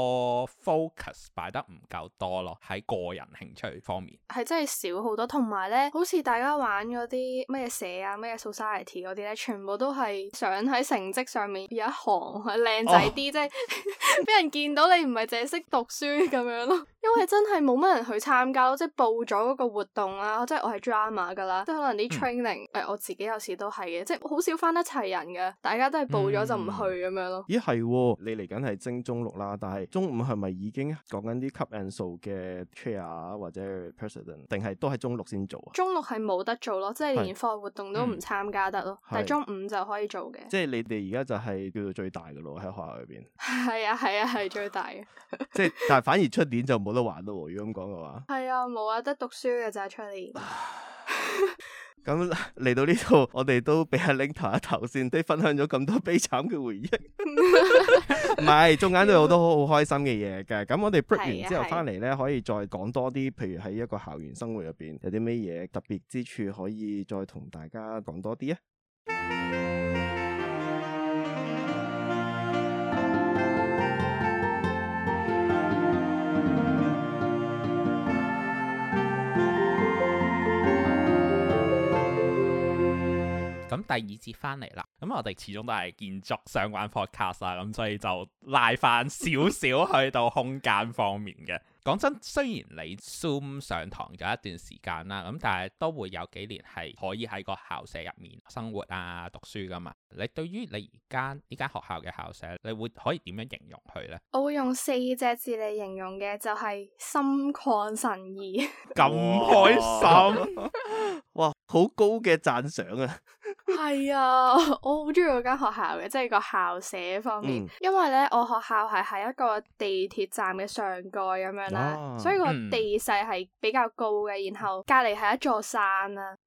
focus 擺得唔夠多咯，喺個人興趣方面，係真係少好多。同埋咧，好似大家玩嗰啲咩社啊、咩 society 嗰啲咧，全部都係想喺成績上面有一行靚仔啲，即係俾人見到你唔係淨係識讀書咁樣咯。因為真係冇乜人去參加咯，即係報咗嗰個活動啦、啊。即係我係 drama 噶啦，即係可能啲 training 誒、嗯哎，我自己有時都係嘅，即係好少。翻一齊人嘅，大家都係報咗就唔去咁樣咯。咦，係，你嚟緊係升中六啦，但係中五係咪已經講緊啲吸引 p and show 嘅 chair 或者 president，定係都喺中六先做啊？中六係冇得做咯，即係連課外活動都唔參加得咯。但係中五就可以做嘅，即係你哋而家就係叫做最大嘅咯喺學校裏邊。係啊係啊係最大嘅， 即係但係反而出年就冇得玩咯。如果咁講嘅話，係啊冇啊，得讀書嘅就咋出年。 咁嚟 到呢度，我哋都俾阿 Ling 頭一頭先，都分享咗咁多悲慘嘅回憶，唔 係， 中間都有好多好開心嘅嘢嘅。咁我哋 break 完之後翻嚟咧，可以再講多啲，譬如喺一個校園生活入邊有啲咩嘢特別之處，可以再同大家講多啲啊。 第二節翻嚟啦，咁我哋始終都係建築相關 podcast 啦，咁所以就拉翻少少去到空間方面嘅。講真，雖然你 Zoom 上堂咗一段時間啦，咁但係都會有幾年係可以喺個校舍入面生活啊、讀書噶、啊、嘛。你對於你而家呢間學校嘅校舍，你會可以點樣形容佢呢？我會用四隻字嚟形容嘅就係、是、心曠神怡。咁開心！ 哇，好高嘅讚賞啊！係啊，我好中意嗰間學校嘅，即、就、係、是、個校舍方面，嗯、因為呢，我學校係喺一個地鐵站嘅上蓋咁樣。啊、所以個地勢係比較高嘅，嗯、然後隔籬係一座山啦，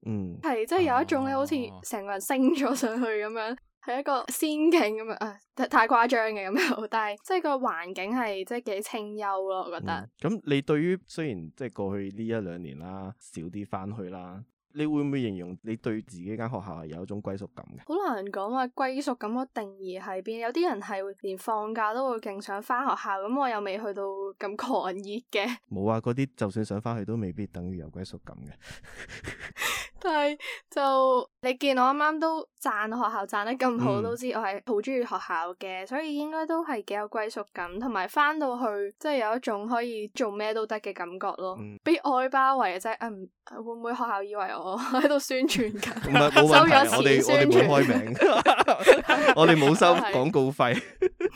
係即係有一種咧，啊、好似成個人升咗上去咁樣，係一個仙境咁樣啊！太誇張嘅咁樣，好但係即係個環境係即係幾清幽咯，我覺得。咁、嗯、你對於雖然即係過去呢一兩年啦，少啲翻去啦。你會唔會形容你對自己間學校係有一種歸屬感嘅？好難講啊！歸屬感嘅定義喺邊？有啲人係連放假都會勁想返學校，咁我又未去到咁狂熱嘅。冇啊！嗰啲就算想返去都未必等於有歸屬感嘅。 係就你見我啱啱都讚學校讚得咁好，嗯、都知我係好中意學校嘅，所以應該都係幾有歸屬感，同埋翻到去即係有一種可以做咩都得嘅感覺咯，被、嗯、愛包圍啊！即係唔、哎、會唔會學校以為我喺度宣傳緊？唔係冇問題，我哋我哋冇開名， 我哋冇收廣告費，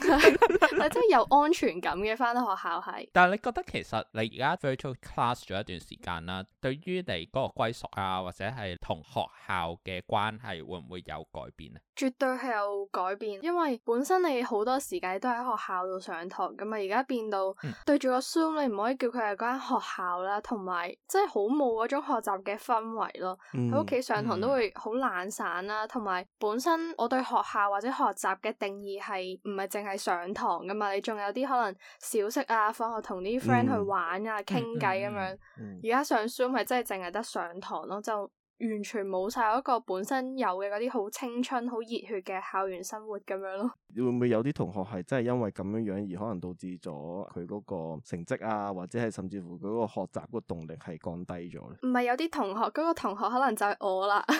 係即係有安全感嘅。翻到學校係，但係你覺得其實你而家 virtual class 咗一段時間啦，對於你嗰個歸屬啊，或者係。係同學校嘅關係會唔會有改變啊？絕對係有改變，因為本身你好多時間都喺學校度上堂噶嘛，而、嗯、家變到對住個 Zoom，你唔可以叫佢係間學校啦，同埋即係好冇嗰種學習嘅氛圍咯。喺屋企上堂都會好懶散啦，同埋本身我對學校或者學習嘅定義係唔係淨係上堂噶嘛？你仲有啲可能小息啊，放學同啲 friend 去玩啊，傾偈咁樣。而家、嗯嗯、上 Zoom 係真係淨係得上堂咯，就。就完全冇晒一個本身有嘅嗰啲好青春、好熱血嘅校園生活咁樣咯。會唔會有啲同學係真係因為咁樣樣而可能導致咗佢嗰個成績啊，或者係甚至乎佢嗰個學習個動力係降低咗咧？唔係有啲同學嗰、嗰個同學可能就係我啦。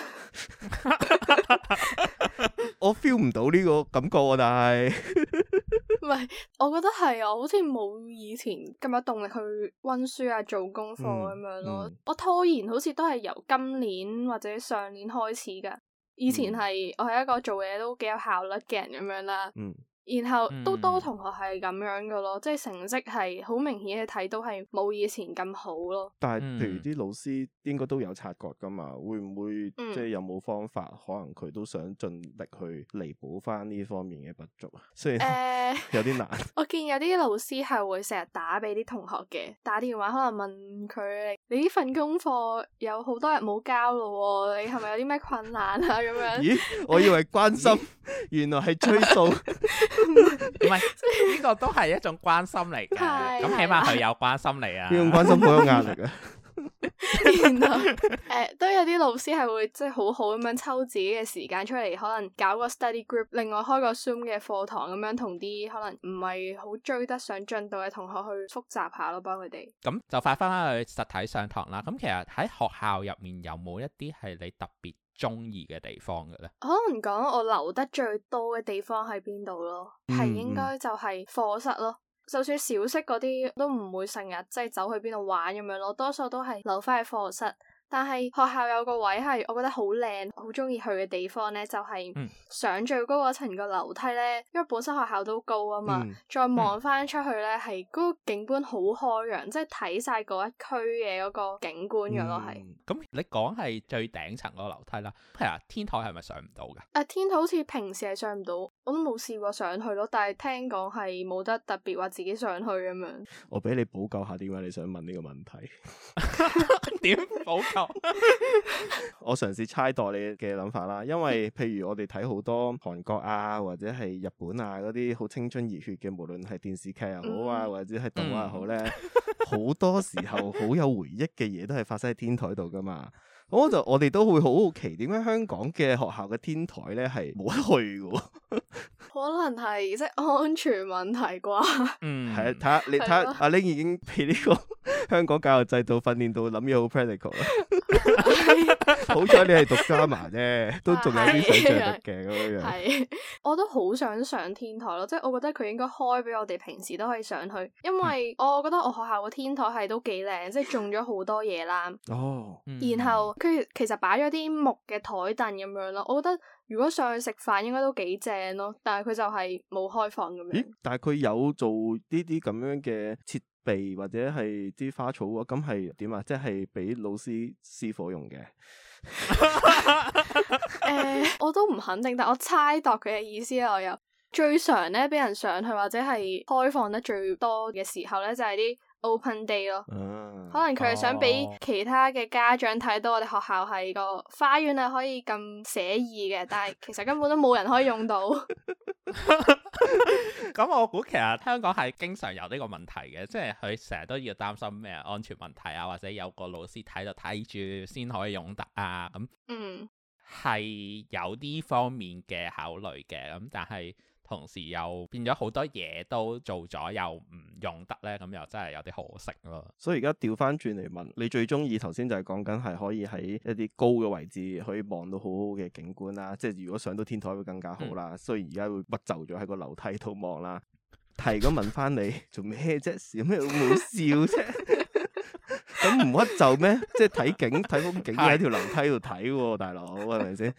我 feel 唔到呢個感覺，但係。 唔係，我覺得係啊，我好似冇以前咁有動力去溫書啊、做功課咁樣咯。嗯嗯、我拖延好似都係由今年或者上年開始噶，以前係、嗯、我係一個做嘢都幾有效率嘅人咁樣啦。嗯嗯然後都多同學係咁樣噶咯，嗯、即係成績係好明顯嘅睇到係冇以前咁好咯。但係譬如啲老師應該都有察覺噶嘛，會唔會、嗯、即係有冇方法？可能佢都想盡力去彌補翻呢方面嘅不足啊。雖然、呃、 有啲點難。我見有啲老師係會成日打俾啲同學嘅，打電話可能問佢：你呢份功課有好多人冇交咯、哦，你係咪有啲咩困難啊？咁樣。咦？我以為關心，呃、原來係催數。 唔係，呢個都係一種關心嚟㗎，咁 起碼佢有關心你啊。要關心冇壓力嘅。誒、呃，都有啲老師係會即係、就是、好好咁樣抽自己嘅時間出嚟，可能搞個 study group，另外開個 zoom 嘅課堂，咁樣同啲可能唔係好追得上進度嘅同學去複習下咯，幫佢哋。咁就快翻翻去實體上堂啦。咁其實喺學校入面有冇一啲係你特別？中意嘅地方嘅咧，可能講我留得最多嘅地方喺邊度咯，係應該就係課室咯。 就算小息嗰啲都唔會成日即係走去邊度玩咁樣咯，多數都係留翻喺課室。但係學校有個位係，我覺得好靚，好中意去嘅地方呢就係、是、上最高嗰層個樓梯呢，因為本身學校都高啊嘛，嗯、再望翻出去呢係嗰、嗯、個景觀好開揚，即係睇晒嗰一區嘅嗰個景觀嘅咯，係、嗯。咁你講係最頂層嗰個樓梯啦。係啊，天台係咪上唔到噶？啊，天台好似平時係上唔到，我都冇試過上去咯。但係聽講係冇得特別話自己上去咁樣。我俾你補救下，點解你想問呢個問題？點 補救？ 我嘗試猜度你嘅諗法啦，因為譬如我哋睇好多韓國啊，或者係日本啊嗰啲好青春熱血嘅，無論係電視劇又好啊，或者係動畫又好咧，好 多時候好有回憶嘅嘢都係發生喺天台度噶嘛。咁我就我哋都會好好奇，點解香港嘅學校嘅天台咧係冇得去噶？ 可能係即係安全問題啩？嗯，係啊， 睇下你睇下的阿玲，已經俾呢個香港教育制度訓練到諗嘢好 practical 啦。好彩你係讀 drama 啫，都仲有啲想象力嘅咁 是的 樣。係， 我都好想上天台咯，即、就、係、是、我覺得佢應該開俾我哋平時都可以上去，因為我覺得我學校個天台係都幾靚，即係種咗好多嘢啦。哦，嗯、然後佢其實擺咗啲木嘅台凳咁樣咯，我覺得。如果上去食飯應該都幾正咯，但係佢就係冇開放咁樣。咦？但係佢有做呢啲咁樣嘅設備或者係啲花草嘅，咁係點啊？即係俾老師私火用嘅？誒、 呃，我都唔肯定，但我猜度佢嘅意思啊。我有最常咧俾人上去或者係開放得最多嘅時候咧，就係啲。Open day 咯，嗯、可能佢係想俾其他嘅家長睇到我哋學校係個花園係，可以咁寫意嘅， 但係其實根本都冇人可以用到。咁我估其實香港係經常有呢個問題嘅，即係佢成日都要擔心咩安全問題啊，或者有個老師睇到睇住先可以用得啊。咁，嗯，係有啲方面嘅考慮嘅，咁但係。同時又變咗好多嘢都做咗又唔用得呢，咁又真係有啲可惜咯。所以而家調翻轉嚟問你最中意頭先就係講緊係可以喺一啲高嘅位置可以望到好好嘅景觀啦，即係如果上到天台會更加好啦。嗯、雖然而家會屈就咗喺個樓梯度望啦。提咁問翻你做咩啫？笑咩好笑啫？ 咁唔屈就咩？即係睇景睇風景喺條樓梯度睇喎，大佬係咪先？是是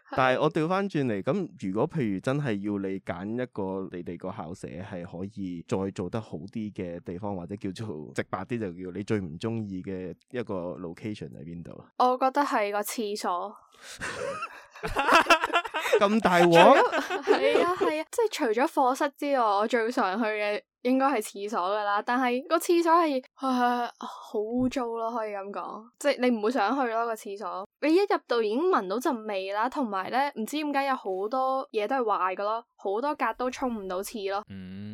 但係我調翻轉嚟，咁如果譬如真係要你揀一個你哋個校舍係可以再做得好啲嘅地方，或者叫做直白啲就叫你最唔中意嘅一個 location 喺邊度？我覺得係個廁所咁 大鑊，係啊係啊！即係、啊啊啊、除咗課室之外，我最常去嘅。應該係廁所噶啦，但係、個廁所係，啊、呃，好污糟咯，可以咁講，即係你唔會想去咯、個廁所。你一入到已經聞到陣味啦，同埋咧唔知點解有好多嘢都係壞噶咯，好多格都沖唔到廁咯，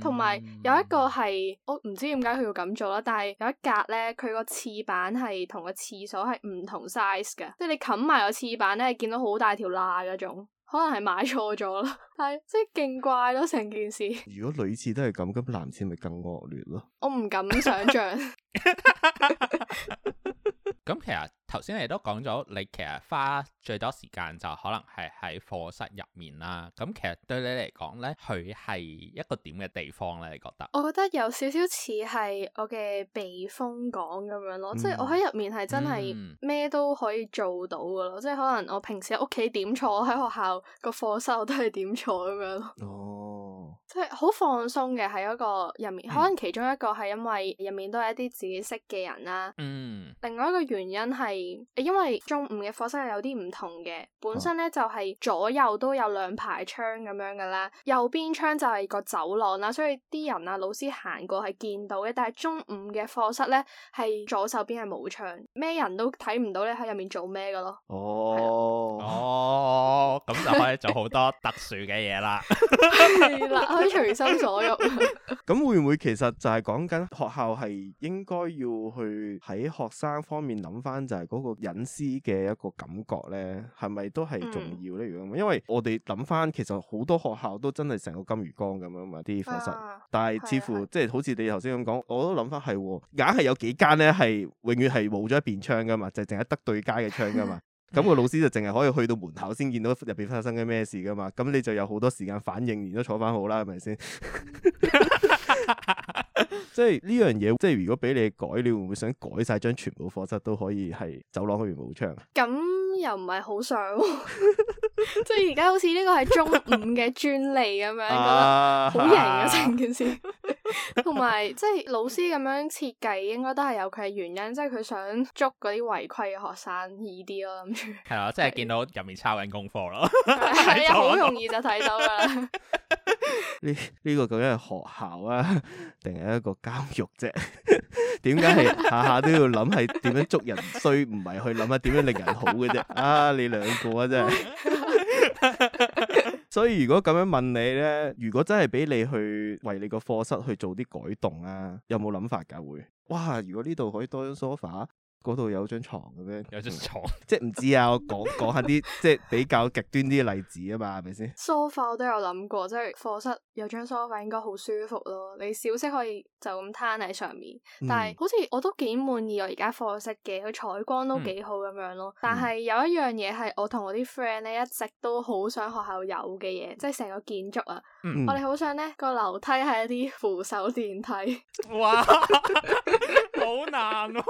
同埋、嗯、有，有一個係我唔知點解佢要咁做啦，但係有一格咧，佢個廁板係同個廁所係唔同 size 嘅，即係你冚埋個廁板咧，見到好大條罅嗰種。可能係買錯咗咯，係即係勁怪咯成件事。如果女廁都係咁，咁男廁咪更惡劣咯？我唔敢想象。咁其實。頭先你都講咗，你其實花最多時間就可能係喺課室入面啦。咁其實對你嚟講咧，佢係一個點嘅地方咧？你覺得？我覺得有少少似係我嘅避風港咁樣咯，嗯、即係我喺入面係真係咩都可以做到噶咯。嗯、即係可能我平時喺屋企點坐，我喺學校個課室我都係點坐咁樣咯。哦，即係好放鬆嘅，喺一個入面。可能其中一個係因為入面都係一啲自己識嘅人啦。嗯，嗯，另外一個原因係。因為中五嘅課室係有啲唔同嘅，本身咧就係、是、左右都有兩排窗咁樣噶啦，右邊窗就係個走廊啦，所以啲人啊、老師行過係見到嘅。但係中五嘅課室咧，係左手邊係冇窗，咩人都睇唔到你喺入面做咩噶咯。哦， 哦，咁就可以做好多特殊嘅嘢啦，可以隨心所欲。咁 會唔會其實就係講緊學校係應該要去喺學生方面諗翻就係、是？嗰個隱私嘅一個感覺咧，係咪都係重要咧？如果咁啊、嗯，因為我哋諗翻，其實好多學校都真係成個金魚缸咁樣啊，啲課室。但係似乎的即係好似你頭先咁講，我都諗翻係，硬係有幾間咧係永遠係冇咗一邊窗噶嘛，就淨、是、係得對街嘅窗噶嘛。咁 個老師就淨係可以去到門口先見到入邊發生緊咩事噶嘛。咁你就有好多時間反應然後坐翻好啦，係咪先？嗯 即係呢樣嘢，即係如果俾你改，你會唔會想改晒張全部課室都可以係走廊嗰邊冇窗啊？咁 又唔係 好想，即係而家好似呢個係中五嘅專利咁樣，覺得好型嘅、啊、成件事。 同埋即係老師咁樣設計，應該都係有佢嘅原因，即係佢想捉嗰啲違規嘅學生易啲咯。諗住係啦，即係見到入面抄緊功課咯，係 啊， 好容易就睇到噶啦。 呢、這、呢個究竟係學校啊，定係一個監獄啫？點解係下下都要諗係點樣捉人衰，唔係 去諗下點樣令人好嘅啫？啊！你兩個啊，真係， 所以如果咁樣問你咧，如果真係俾你去為你個課室去做啲改動啊，有冇諗法噶、啊？會哇！如果呢度可以多張 sofa。嗰度有張床嘅咩？有張床 即，即係唔知啊！我講講下啲即係比較極端啲例子啊嘛，係咪先？梳化我都有諗過，即係課室有張梳化應該好舒服咯。你小息可以就咁攤喺上面，嗯、但係好似我都幾滿意我而家課室嘅，佢採光都幾好咁樣咯。嗯、但係有一樣嘢係我同我啲 friend 咧一直都好想學校有嘅嘢，即係成個建築啊！嗯嗯、我哋好想咧、個樓梯係一啲扶手電梯。 好難喎！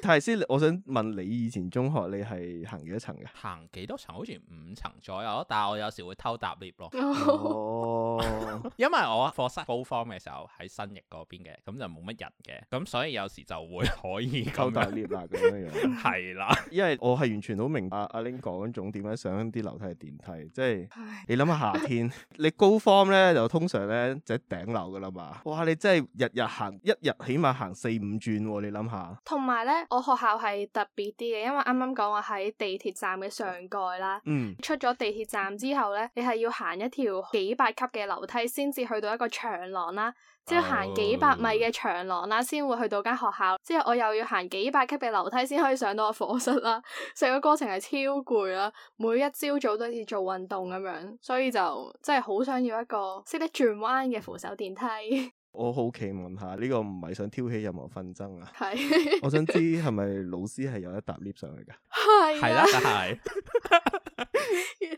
泰師，我想問你以前中學你係行幾多層嘅？行幾多層？好似五層左右，但係我有時會偷搭 lift 咯。哦，因為我課室高方嘅時候喺新翼嗰邊嘅，咁就冇乜人嘅，咁所以有時就會可以偷搭 lift 啦，咁樣樣。係啦，因為我係完全好明白阿 Ling 講種點樣上啲樓梯係電梯，即係你諗下夏天，你高方 o 咧，就通常咧就喺頂樓噶啦嘛。哇！你真係日日行一日起碼行四五轉，哦，你諗下。同埋咧，我學校係特別啲嘅，因為啱啱講我喺地鐵站嘅上蓋啦。嗯。出咗地鐵站之後咧，你係要行一條幾百級嘅樓梯先至去到一個長廊啦，即係行幾百米嘅長廊啦，先、哦、會去到間學校。之後我又要行幾百級嘅樓梯先可以上到個課室啦，成個過程係超攰啦，每一朝早都似做運動咁樣，所以就真係好想要一個識得轉彎嘅扶手電梯。我好奇問下，呢、這個唔係想挑起任何紛爭啊？係是， 我想知係咪老師係有得搭 lift 上去噶？係，係啦，係。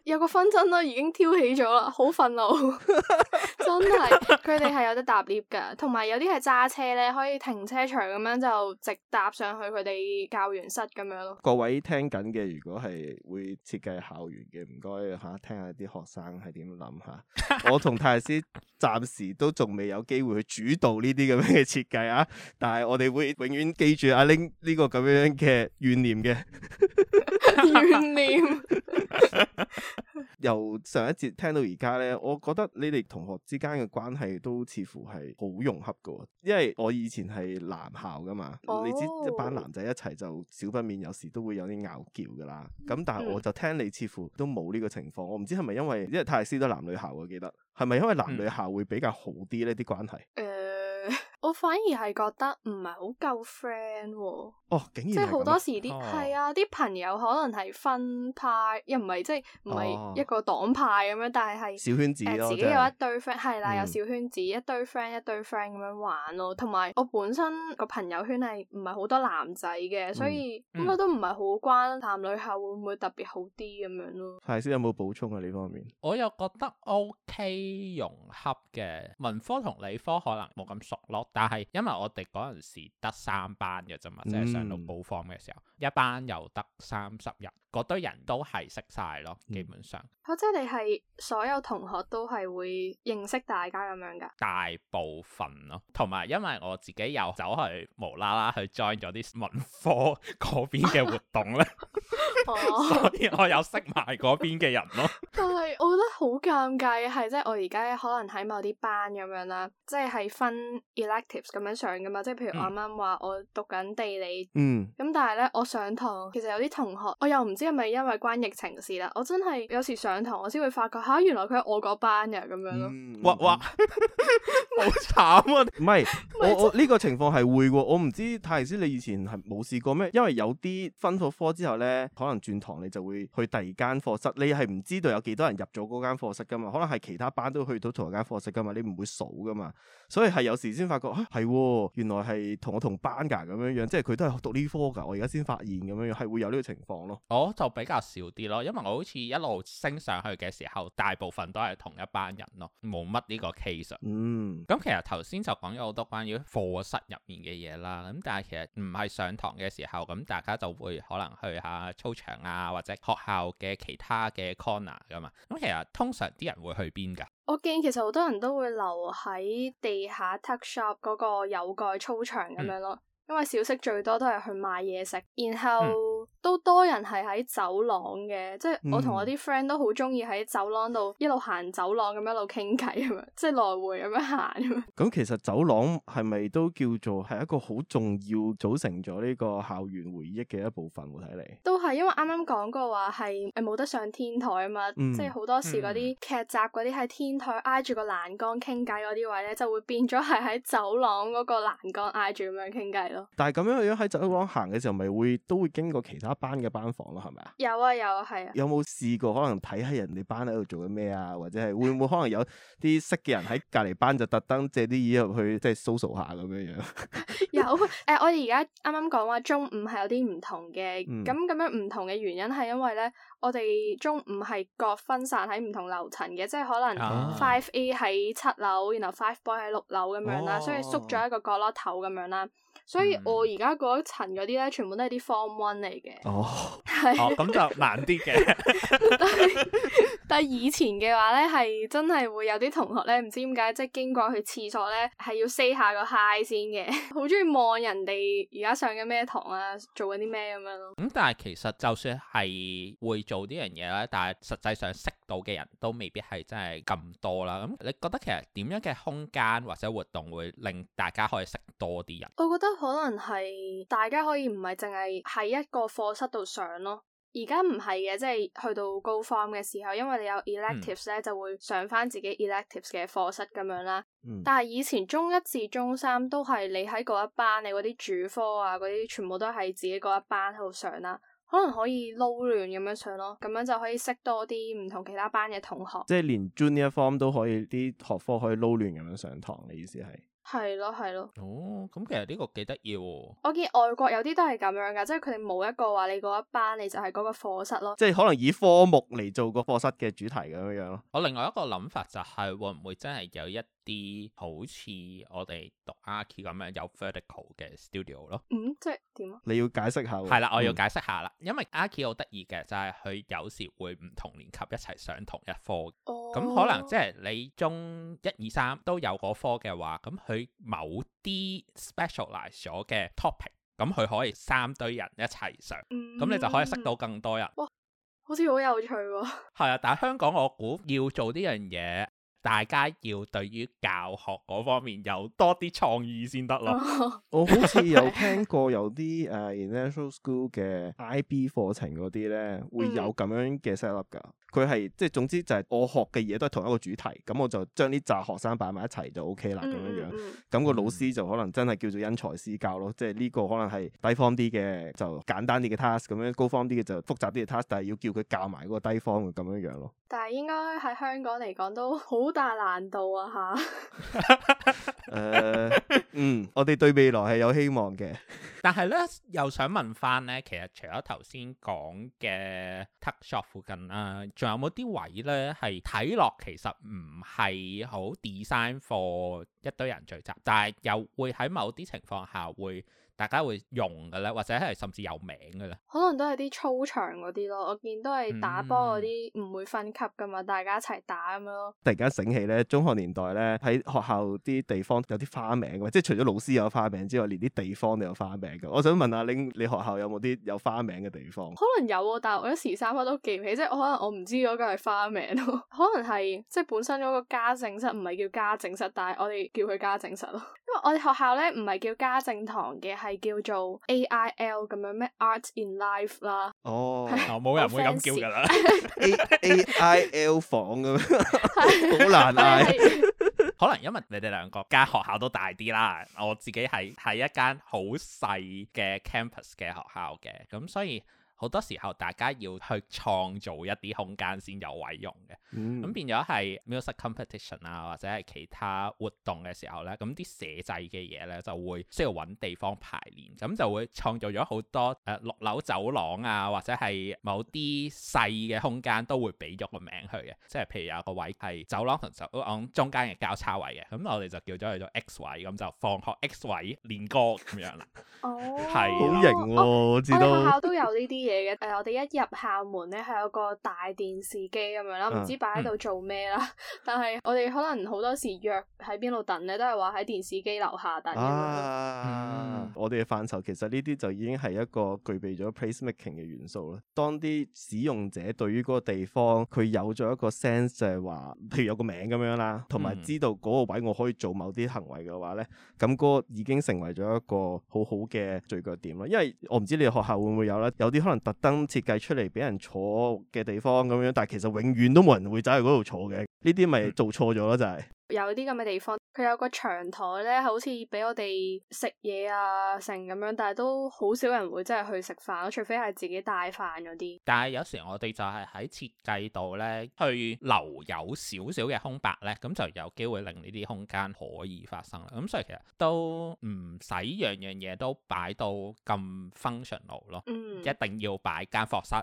有個紛爭都、啊、已經挑起咗啦，好憤怒， 真係的。佢哋係有得搭 lift 噶，同埋有啲係揸車咧，可以停車場咁樣就直搭上去佢哋教員室咁樣咯。各位聽緊嘅，如果係會設計校園嘅，唔該吓聽下啲學生係點諗吓。 我同泰師暫時都仲未有機會主導呢啲咁嘅設計啊，但係我哋會永遠記住阿玲呢個咁樣嘅怨念嘅怨念。由上一節聽到而家呢，我覺得你哋同學之間嘅關係都似乎係好融洽噶，因為我以前係男校噶嘛，oh. 你知一班男仔一齊就少不免有時都會有啲拗撬噶啦。咁、oh. 但係我就聽你似乎都冇呢個情況，我唔知係咪因為因為泰斯都男女校，我記得。係咪因為男女校會比較好啲呢啲關係？嗯我反而係覺得唔係好夠 friend 喎，即係好多時啲係啊啲朋友可能係分派，又唔係即係唔係一個黨派咁樣，但係係小圈子，自己有一堆 friend 係啦，有小圈子一堆 friend 一堆 friend 咁樣玩咯。同埋我本身個朋友圈係唔係好多男仔嘅，所以應該都唔係好關男女校會唔會特別好啲咁樣咯。係，先有冇補充啊？呢方面我又覺得 OK 融合嘅文科同理科可能冇咁熟咯。但係，因為我哋嗰陣時得三班嘅啫嘛，即係上到高方嘅時候，一班又得三十人。嗰堆人都係識晒咯，基本上。哦、嗯，即係你係所有同學都係會認識大家咁樣噶？大部分咯，同埋因為我自己又走去無啦啦去 join 咗啲文科嗰邊嘅活動咧。 Oh. 所以我有識埋嗰邊嘅人咯。 但係我覺得好尷尬嘅係，即係我而家可能喺某啲班咁樣啦，即係係分 electives 咁樣上噶嘛。即係譬如我啱啱話我讀緊地理，嗯，咁但係咧我上堂，其實有啲同學，我又唔知係咪因為關疫情事啦。我真係有時上堂，我先會發覺吓、啊，原來佢係我嗰班嘅，啊、咁樣咯、嗯。哇哇，好慘啊！唔係，我我呢、這個情況係會，我唔知泰師你以前係冇試過咩？因為有啲分科科之後咧，可能。轉堂，你就會去第二間課室，你係唔知道有幾多人入咗嗰間課室噶嘛。可能係其他班都去到同一間課室噶嘛，你唔會數噶嘛。所以係有時先發覺，係、哎、原來係同我同班噶咁樣樣，即係佢都係讀呢科噶。我而家先發現咁樣樣，係會有呢個情況咯。我就比較少啲咯，因為我好似一路升上去嘅時候，大部分都係同一班人咯，冇乜呢個 case。嗯，咁其實頭先就講咗好多關於課室入面嘅嘢啦，咁但係其實唔係上堂嘅時候，咁大家就會可能去下操場啊，或者學校嘅其他嘅 corner 噶嘛，咁其實通常啲人會去邊噶？我見其實好多人都會留喺地下 tuck shop 嗰個有蓋操場咁樣咯，因為小息最多都係去買嘢食，然後。嗯都多人係喺走廊嘅，即係我同我啲 friend 都好中意喺走廊度一路行走廊咁一路傾偈咁樣，即係來回咁樣行，咁其實走廊係咪都叫做係一個好重要組成咗呢個校園回憶嘅一部分？睇嚟都係，因為啱啱講過話係誒冇得上天台啊嘛，嗯、即係好多時嗰啲劇集嗰啲喺天台挨住個欄杆傾偈嗰啲位咧，就會變咗係喺走廊嗰個欄杆挨住咁樣傾偈咯。但係咁樣樣喺走廊行嘅時候，咪會都會經過其他。一班嘅班房咯，係咪啊？有啊，有啊，係啊。有冇試過可能睇下人哋班喺度做緊咩啊？或者係會唔會可能有啲識嘅人喺隔籬班就特登借啲椅入去，即係 social 下咁樣樣。有、啊，誒、 呃，我哋而家啱啱講話中午係有啲唔同嘅，咁咁、嗯、樣唔同嘅原因係因為咧，我哋中午係各分散喺唔同樓層嘅，即係可能 Five A 喺七樓，然後 Five Boy 喺六樓咁樣啦，哦、所以縮咗一個角落頭咁樣啦。所以我而家嗰一層嗰啲咧，全部都係啲 form one 嚟嘅。哦，係是，咁、哦、就慢啲嘅。 但係是 以前嘅話咧，係真係會有啲同學咧，唔知點解，即係經過去廁所咧，係要 say 下個 hi 先嘅。好中意望人哋而家上緊咩堂啊，做緊啲咩咁樣咯。咁、嗯、但係其實就算係會做呢樣嘢咧，但係實際上識到嘅人都未必係真係咁多啦。咁你覺得其實點樣嘅空間或者活動會令大家可以識多啲人？我覺得。可能係大家可以唔係淨係喺一個課室度上咯，而家唔係嘅，即係去到高 form 嘅時候，因為你有 electives 咧，嗯、就會上翻自己 electives 嘅課室咁樣啦。嗯、但係以前中一至中三都係你喺嗰一班，你嗰啲主科啊，嗰啲全部都係自己嗰一班喺度上啦。可能可以撈亂咁樣上咯，咁樣就可以識多啲唔同其他班嘅同學。即係連 Junior Form 都可以啲學科可以撈亂咁樣上堂，你意思係？係咯係咯，哦，咁其實呢個幾得意，我見外國有啲都係咁樣噶即係佢哋冇一個話你嗰一班，你就係嗰個課室咯，即係可能以科目嚟做個課室嘅主題咁樣樣咯。我另外一個諗法就係會唔會真係有一啲好似我哋讀 Arkie 咁樣有 vertical 嘅 studio 咯。嗯，即係點？你要解釋下。係啦，我要解釋下啦，嗯、因為 Arkie 好得意嘅就係、是、佢有時會唔同年級一齊上同一科。哦。咁可能即係你中一二三都有嗰科嘅話，咁佢某啲 specialize 咗嘅 topic，咁佢可以三堆人一齊上，咁、嗯、你就可以識到更多人。哦、哇，好似好有趣喎、哦！係啊， 但係香港我估要做呢樣嘢。大家要對於教學嗰方面有多啲創意先得咯。Oh. 我好似有聽過有啲誒、uh, international school 嘅 IB 課程嗰啲咧，會有咁樣嘅 set up 噶。佢係、嗯、即係總之就係我學嘅嘢都係同一個主題，咁我就將啲扎學生擺埋一齊就 OK 啦咁、嗯、樣樣。咁、嗯、個老師就可能真係叫做因材施教咯，嗯、即係呢個可能係低方啲嘅就簡單啲嘅 task，咁樣高方啲嘅就複雜啲嘅 task，但係要叫佢教埋嗰個低方嘅咁樣樣咯。但係應該喺香港嚟講都好。好大難度啊！嚇，誒，嗯，我哋對未來係有希望嘅。 但係咧，又想問翻咧，其實除咗頭先講嘅 tuck shop 附近啊，仲有冇啲位咧係睇落其實唔係好 design for 一堆人聚集，但係又會喺某啲情況下會。大家會用嘅咧，或者係甚至有名嘅咧，可能都係啲操場嗰啲咯。我見都係打波嗰啲唔會分級噶嘛，大家一齊打咁樣咯。突然間醒起咧，中學年代咧喺學校啲地方有啲花名嘅，即係除咗老師有花名之外，連啲地方都有花名嘅。我想問下你，你學校有冇啲有，有花名嘅地方？可能有啊，但係我一時三刻都記唔起，即係我可能我唔知嗰個係花名咯，可能係即係本身嗰個家政室唔係叫家政室，但係我哋叫佢家政室咯。我哋學校咧唔係叫家政堂嘅，係叫做 A I L 咁樣咩 Art in Life 啦。哦，冇是人會咁叫噶啦 f ，A, A I L 房咁，好 難嗌。可能因為你哋兩個間學校都大啲啦，我自己喺喺一間好細嘅 campus 嘅學校嘅，咁所以。好多時候，大家要去創造一啲空間先有位用嘅，咁、嗯、變咗係 music competition 啊，或者係其他活動嘅時候咧，咁啲社際嘅嘢咧就會需要揾地方排練，咁就會創造咗好多誒、呃、六樓走廊啊，或者係某啲細嘅空間都會俾咗個名佢嘅，即、就、係、是、譬如有個位係走廊同走廊中間嘅交叉位嘅，咁我哋就叫咗佢做 X 位，咁就放學 X 位練歌咁樣啦。哦，係 是，好型喎、哦，我哋知學校都有呢啲嘢。 嘢、啊、我哋一入校門咧，係有個大電視機咁樣啦，唔知擺喺度做咩啦。嗯、但係我哋可能好多時約喺邊度等咧，都係話喺電視機樓下等。啊嗯、我哋嘅範疇其實呢啲就已經係一個具備咗 place making 嘅元素啦。當啲使用者對於嗰個地方佢有咗一個 sense，就係話，譬如有個名咁樣啦，同埋知道嗰個位我可以做某啲行為嘅話咧，咁嗰個已經成為咗一個好好嘅聚腳點啦。因為我唔知你哋學校會唔會有啦，有啲可能。特登設計出嚟俾人坐嘅地方咁樣，但係其實永遠都冇人會走去嗰度坐嘅，呢啲咪做錯咗咯？就係有啲咁嘅地方。佢有個長台咧，好似俾我哋食嘢啊成咁樣，但係都好少人會真係去食飯，除非係自己帶飯嗰啲。但係有時我哋就係喺設計度咧，去留有少少嘅空白咧，咁就有機會令呢啲空間可以發生啦。咁所以其實都唔使樣樣嘢都擺到咁 functional 咯，嗯，一定要擺間課室。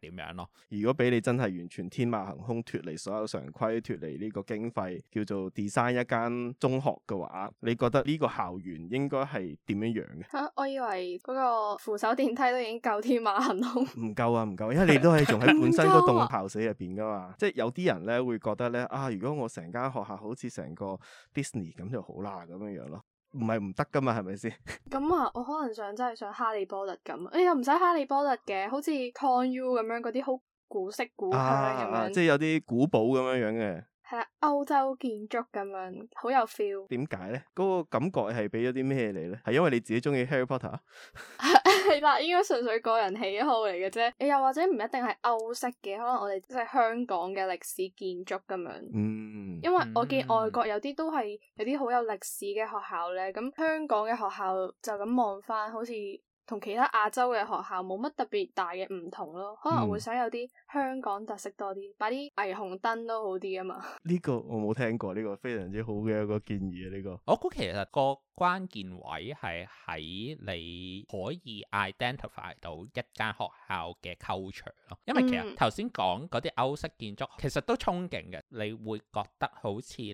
點樣咯？如果俾你真係完全天馬行空，脫離所有常規，脫離呢個經費，叫做 design 一間中學嘅話，你覺得呢個校園應該係點樣樣嘅？吓、啊，我以為嗰個扶手電梯都已經夠天馬行空，唔 夠啊，唔夠，因為你都係仲喺本身個棟校舍入邊噶嘛。 即係有啲人咧會覺得咧啊，如果我成間學校好似成個 Disney 咁就好啦，咁樣樣咯。唔係唔得㗎嘛，係咪先？咁啊，我可能想真係想哈利波特咁，誒、哎、又唔使哈利波特嘅，好似 Con U 咁樣嗰啲好古色古香咁樣，即係有啲古堡咁樣樣嘅。係啦，歐洲建築咁樣好有 feel。點解咧？嗰個感覺係俾咗啲咩嚟咧？係因為你自己中意 Harry Potter？係啦，應該純粹個人喜好嚟嘅啫。又或者唔一定係歐式嘅，可能我哋即係香港嘅歷史建築咁樣。嗯。因為我見外國有啲都係有啲好有歷史嘅學校咧，咁香港嘅學校就咁望翻，好似同其他亞洲嘅學校冇乜特別大嘅唔同咯。可能會想有啲。香港特色多啲，擺啲霓虹燈都好啲啊嘛！呢個我冇聽過，呢個非常之好嘅一個建議啊！呢個我估其實個關鍵位係喺你可以 identify 到一間學校嘅 culture 咯，因為其實頭先講嗰啲歐式建築其實都憧憬嘅，你會覺得好似你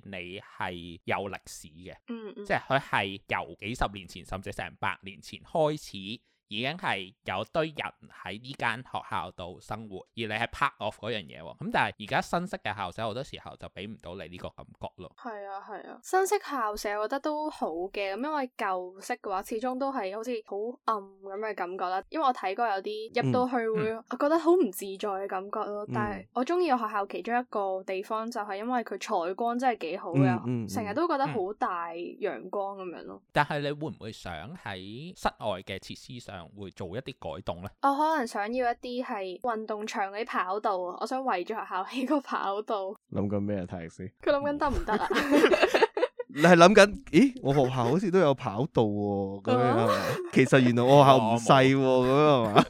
係有歷史嘅，嗯嗯，即係佢係由幾十年前甚至成百年前開始。已經係有堆人喺呢間學校度生活，而你係 part of 嗰樣嘢喎。咁但係而家新式嘅校舍好多時候就俾唔到你呢個感覺咯。係啊係啊，新式校舍我覺得都好嘅，咁因為舊式嘅話始終都係好似好暗咁嘅感覺啦。因為我睇過有啲入到去會覺得好唔自在嘅感覺咯。但係我中意我學校其中一個地方就係因為佢採光真係幾好啊，成日都覺得好大陽光咁樣咯。但係你會唔會想喺室外嘅設施上，會做一啲改動咧？我可能想要一啲係運動場嗰啲跑道，我想圍住學校起個跑道。諗緊咩啊，泰斯？佢諗緊得唔得啊？ 你係諗緊？咦，我學校好似都有跑道喎，啊。咁樣，啊、其實原來我學校唔細喎。咁啊，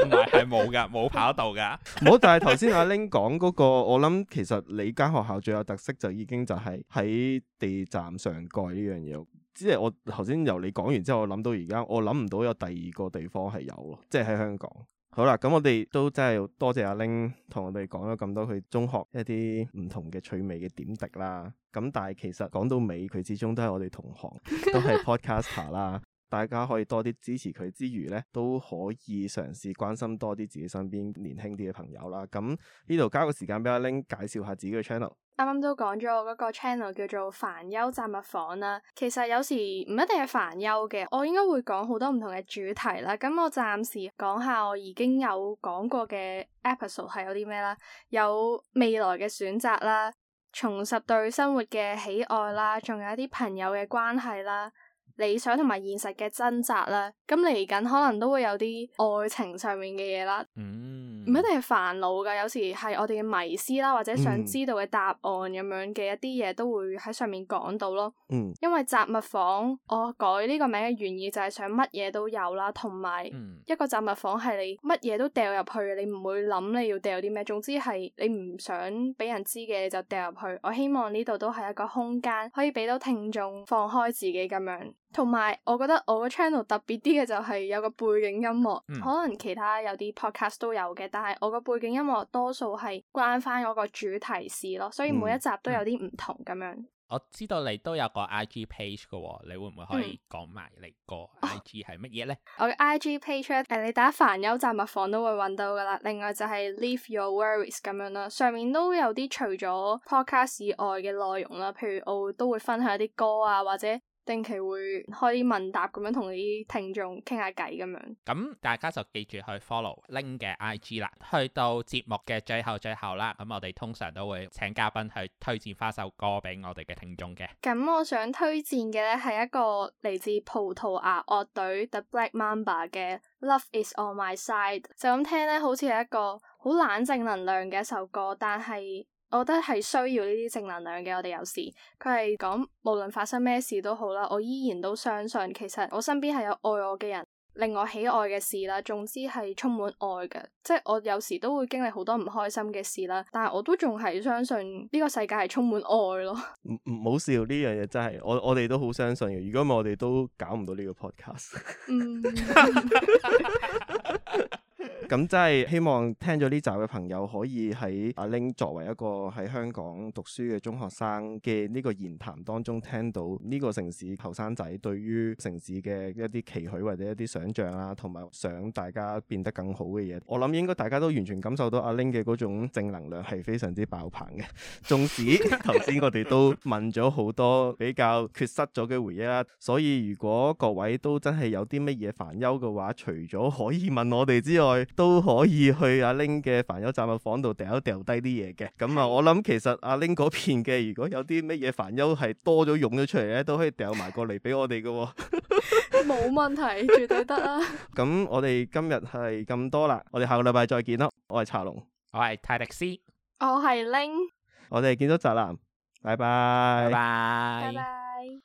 同埋係冇噶，冇跑道噶。冇， 但係頭先阿玲講嗰個，我諗其實你間學校最有特色就已經就係喺地站上蓋呢樣嘢。即係我頭先由你講完之後，我諗到而家我諗唔到有第二個地方係有咯，即係喺香港。好啦，咁我哋都真係多謝阿 LING 同我哋講咗咁多佢中學一啲唔同嘅趣味嘅點滴啦。咁但係其實講到尾，佢始終都係我哋同行，都係 podcaster 啦。 大家可以多啲支持佢之餘咧，都可以嘗試關心多啲自己身邊年輕啲嘅朋友啦。咁呢度交個時間俾阿 LING 介紹下自己嘅 channel。啱啱都講咗我嗰個 channel 叫做煩憂雜物房啦。其實有時唔一定係煩憂嘅，我應該會講好多唔同嘅主題啦。咁我暫時講下我已經有講過嘅 episode 係有啲咩啦。有未來嘅選擇啦，重拾對生活嘅喜愛啦，仲有一啲朋友嘅關係啦。理想同埋現實嘅掙扎啦，咁嚟緊可能都會有啲愛情上面嘅嘢啦，嗯、唔一定係煩惱噶，有時係我哋嘅迷思啦，或者想知道嘅答案咁樣嘅一啲嘢都會喺上面講到咯。嗯、因為雜物房，我改呢個名嘅原意就係想乜嘢都有啦，同埋一個雜物房係你乜嘢都掉入去，你唔會諗你要掉啲咩，總之係你唔想俾人知嘅你就掉入去。我希望呢度都係一個空間，可以俾到聽眾放開自己咁樣。同埋，我覺得我個 channel 特別啲嘅就係有個背景音樂，嗯、可能其他有啲 podcast 都有嘅，但係我個背景音樂多數係關翻我個主題事咯，所以每一集都有啲唔同咁樣、嗯嗯。我知道你都有個 IG page 噶，你會唔會可以講埋你個 IG 係乜嘢咧？呢我嘅 IG page，誒、呃，你打煩憂雜物房都會搵到噶啦。另外就係、是、Leave Your Worries 咁樣啦，上面都有啲除咗 podcast 以外嘅內容啦，譬如我都會分享一啲歌啊，或者。定期會開啲問答咁樣同啲聽眾傾下偈咁樣，咁大家就記住去 follow Ling 嘅 IG 啦。去到節目嘅最後最後啦，咁我哋通常都會請嘉賓去推薦翻首歌俾我哋嘅聽眾嘅。咁我想推薦嘅咧係一個嚟自葡萄牙樂隊 The Black Mamba 嘅《Love Is On My Side》，就咁聽咧，好似係一個好冷靜能量嘅一首歌，但係，我覺得係需要呢啲正能量嘅，我哋有時佢係講無論發生咩事都好啦，我依然都相信，其實我身邊係有愛我嘅人，令我喜愛嘅事啦，總之係充滿愛嘅。即係我有時都會經歷好多唔開心嘅事啦，但係我都仲係相信呢個世界係充滿愛咯。唔唔、嗯，唔好笑，呢樣嘢真係，我我哋都好相信嘅。如果唔係，我哋都搞唔到呢個 podcast。 咁、嗯、真係希望聽咗呢集嘅朋友可以喺阿 Ling 作為一個喺香港讀書嘅中學生嘅呢個言談當中，聽到呢個城市後生仔對於城市嘅一啲期許或者一啲想象啊，同埋想大家變得更好嘅嘢。我諗應該大家都完全感受到阿 Ling 嘅嗰種正能量係非常之爆棚嘅。縱使頭先我哋都問咗好多比較缺失咗嘅回憶啦，所以如果各位都真係有啲乜嘢煩憂嘅話，除咗可以問我哋之外，都可以去阿 LING 嘅煩憂雜物房度掉掉低啲嘢嘅。咁啊，我諗其實阿 LING 嗰邊嘅，如果有啲乜嘢煩憂係多咗湧咗出嚟咧，都可以掉埋過嚟俾我哋噶、哦，冇 問題，絕對得啦。咁 我哋今日係咁多啦，我哋下個禮拜再見咯。我係茶龍，我係泰迪斯，我係 LING，我哋建築宅男，拜，拜拜，拜拜。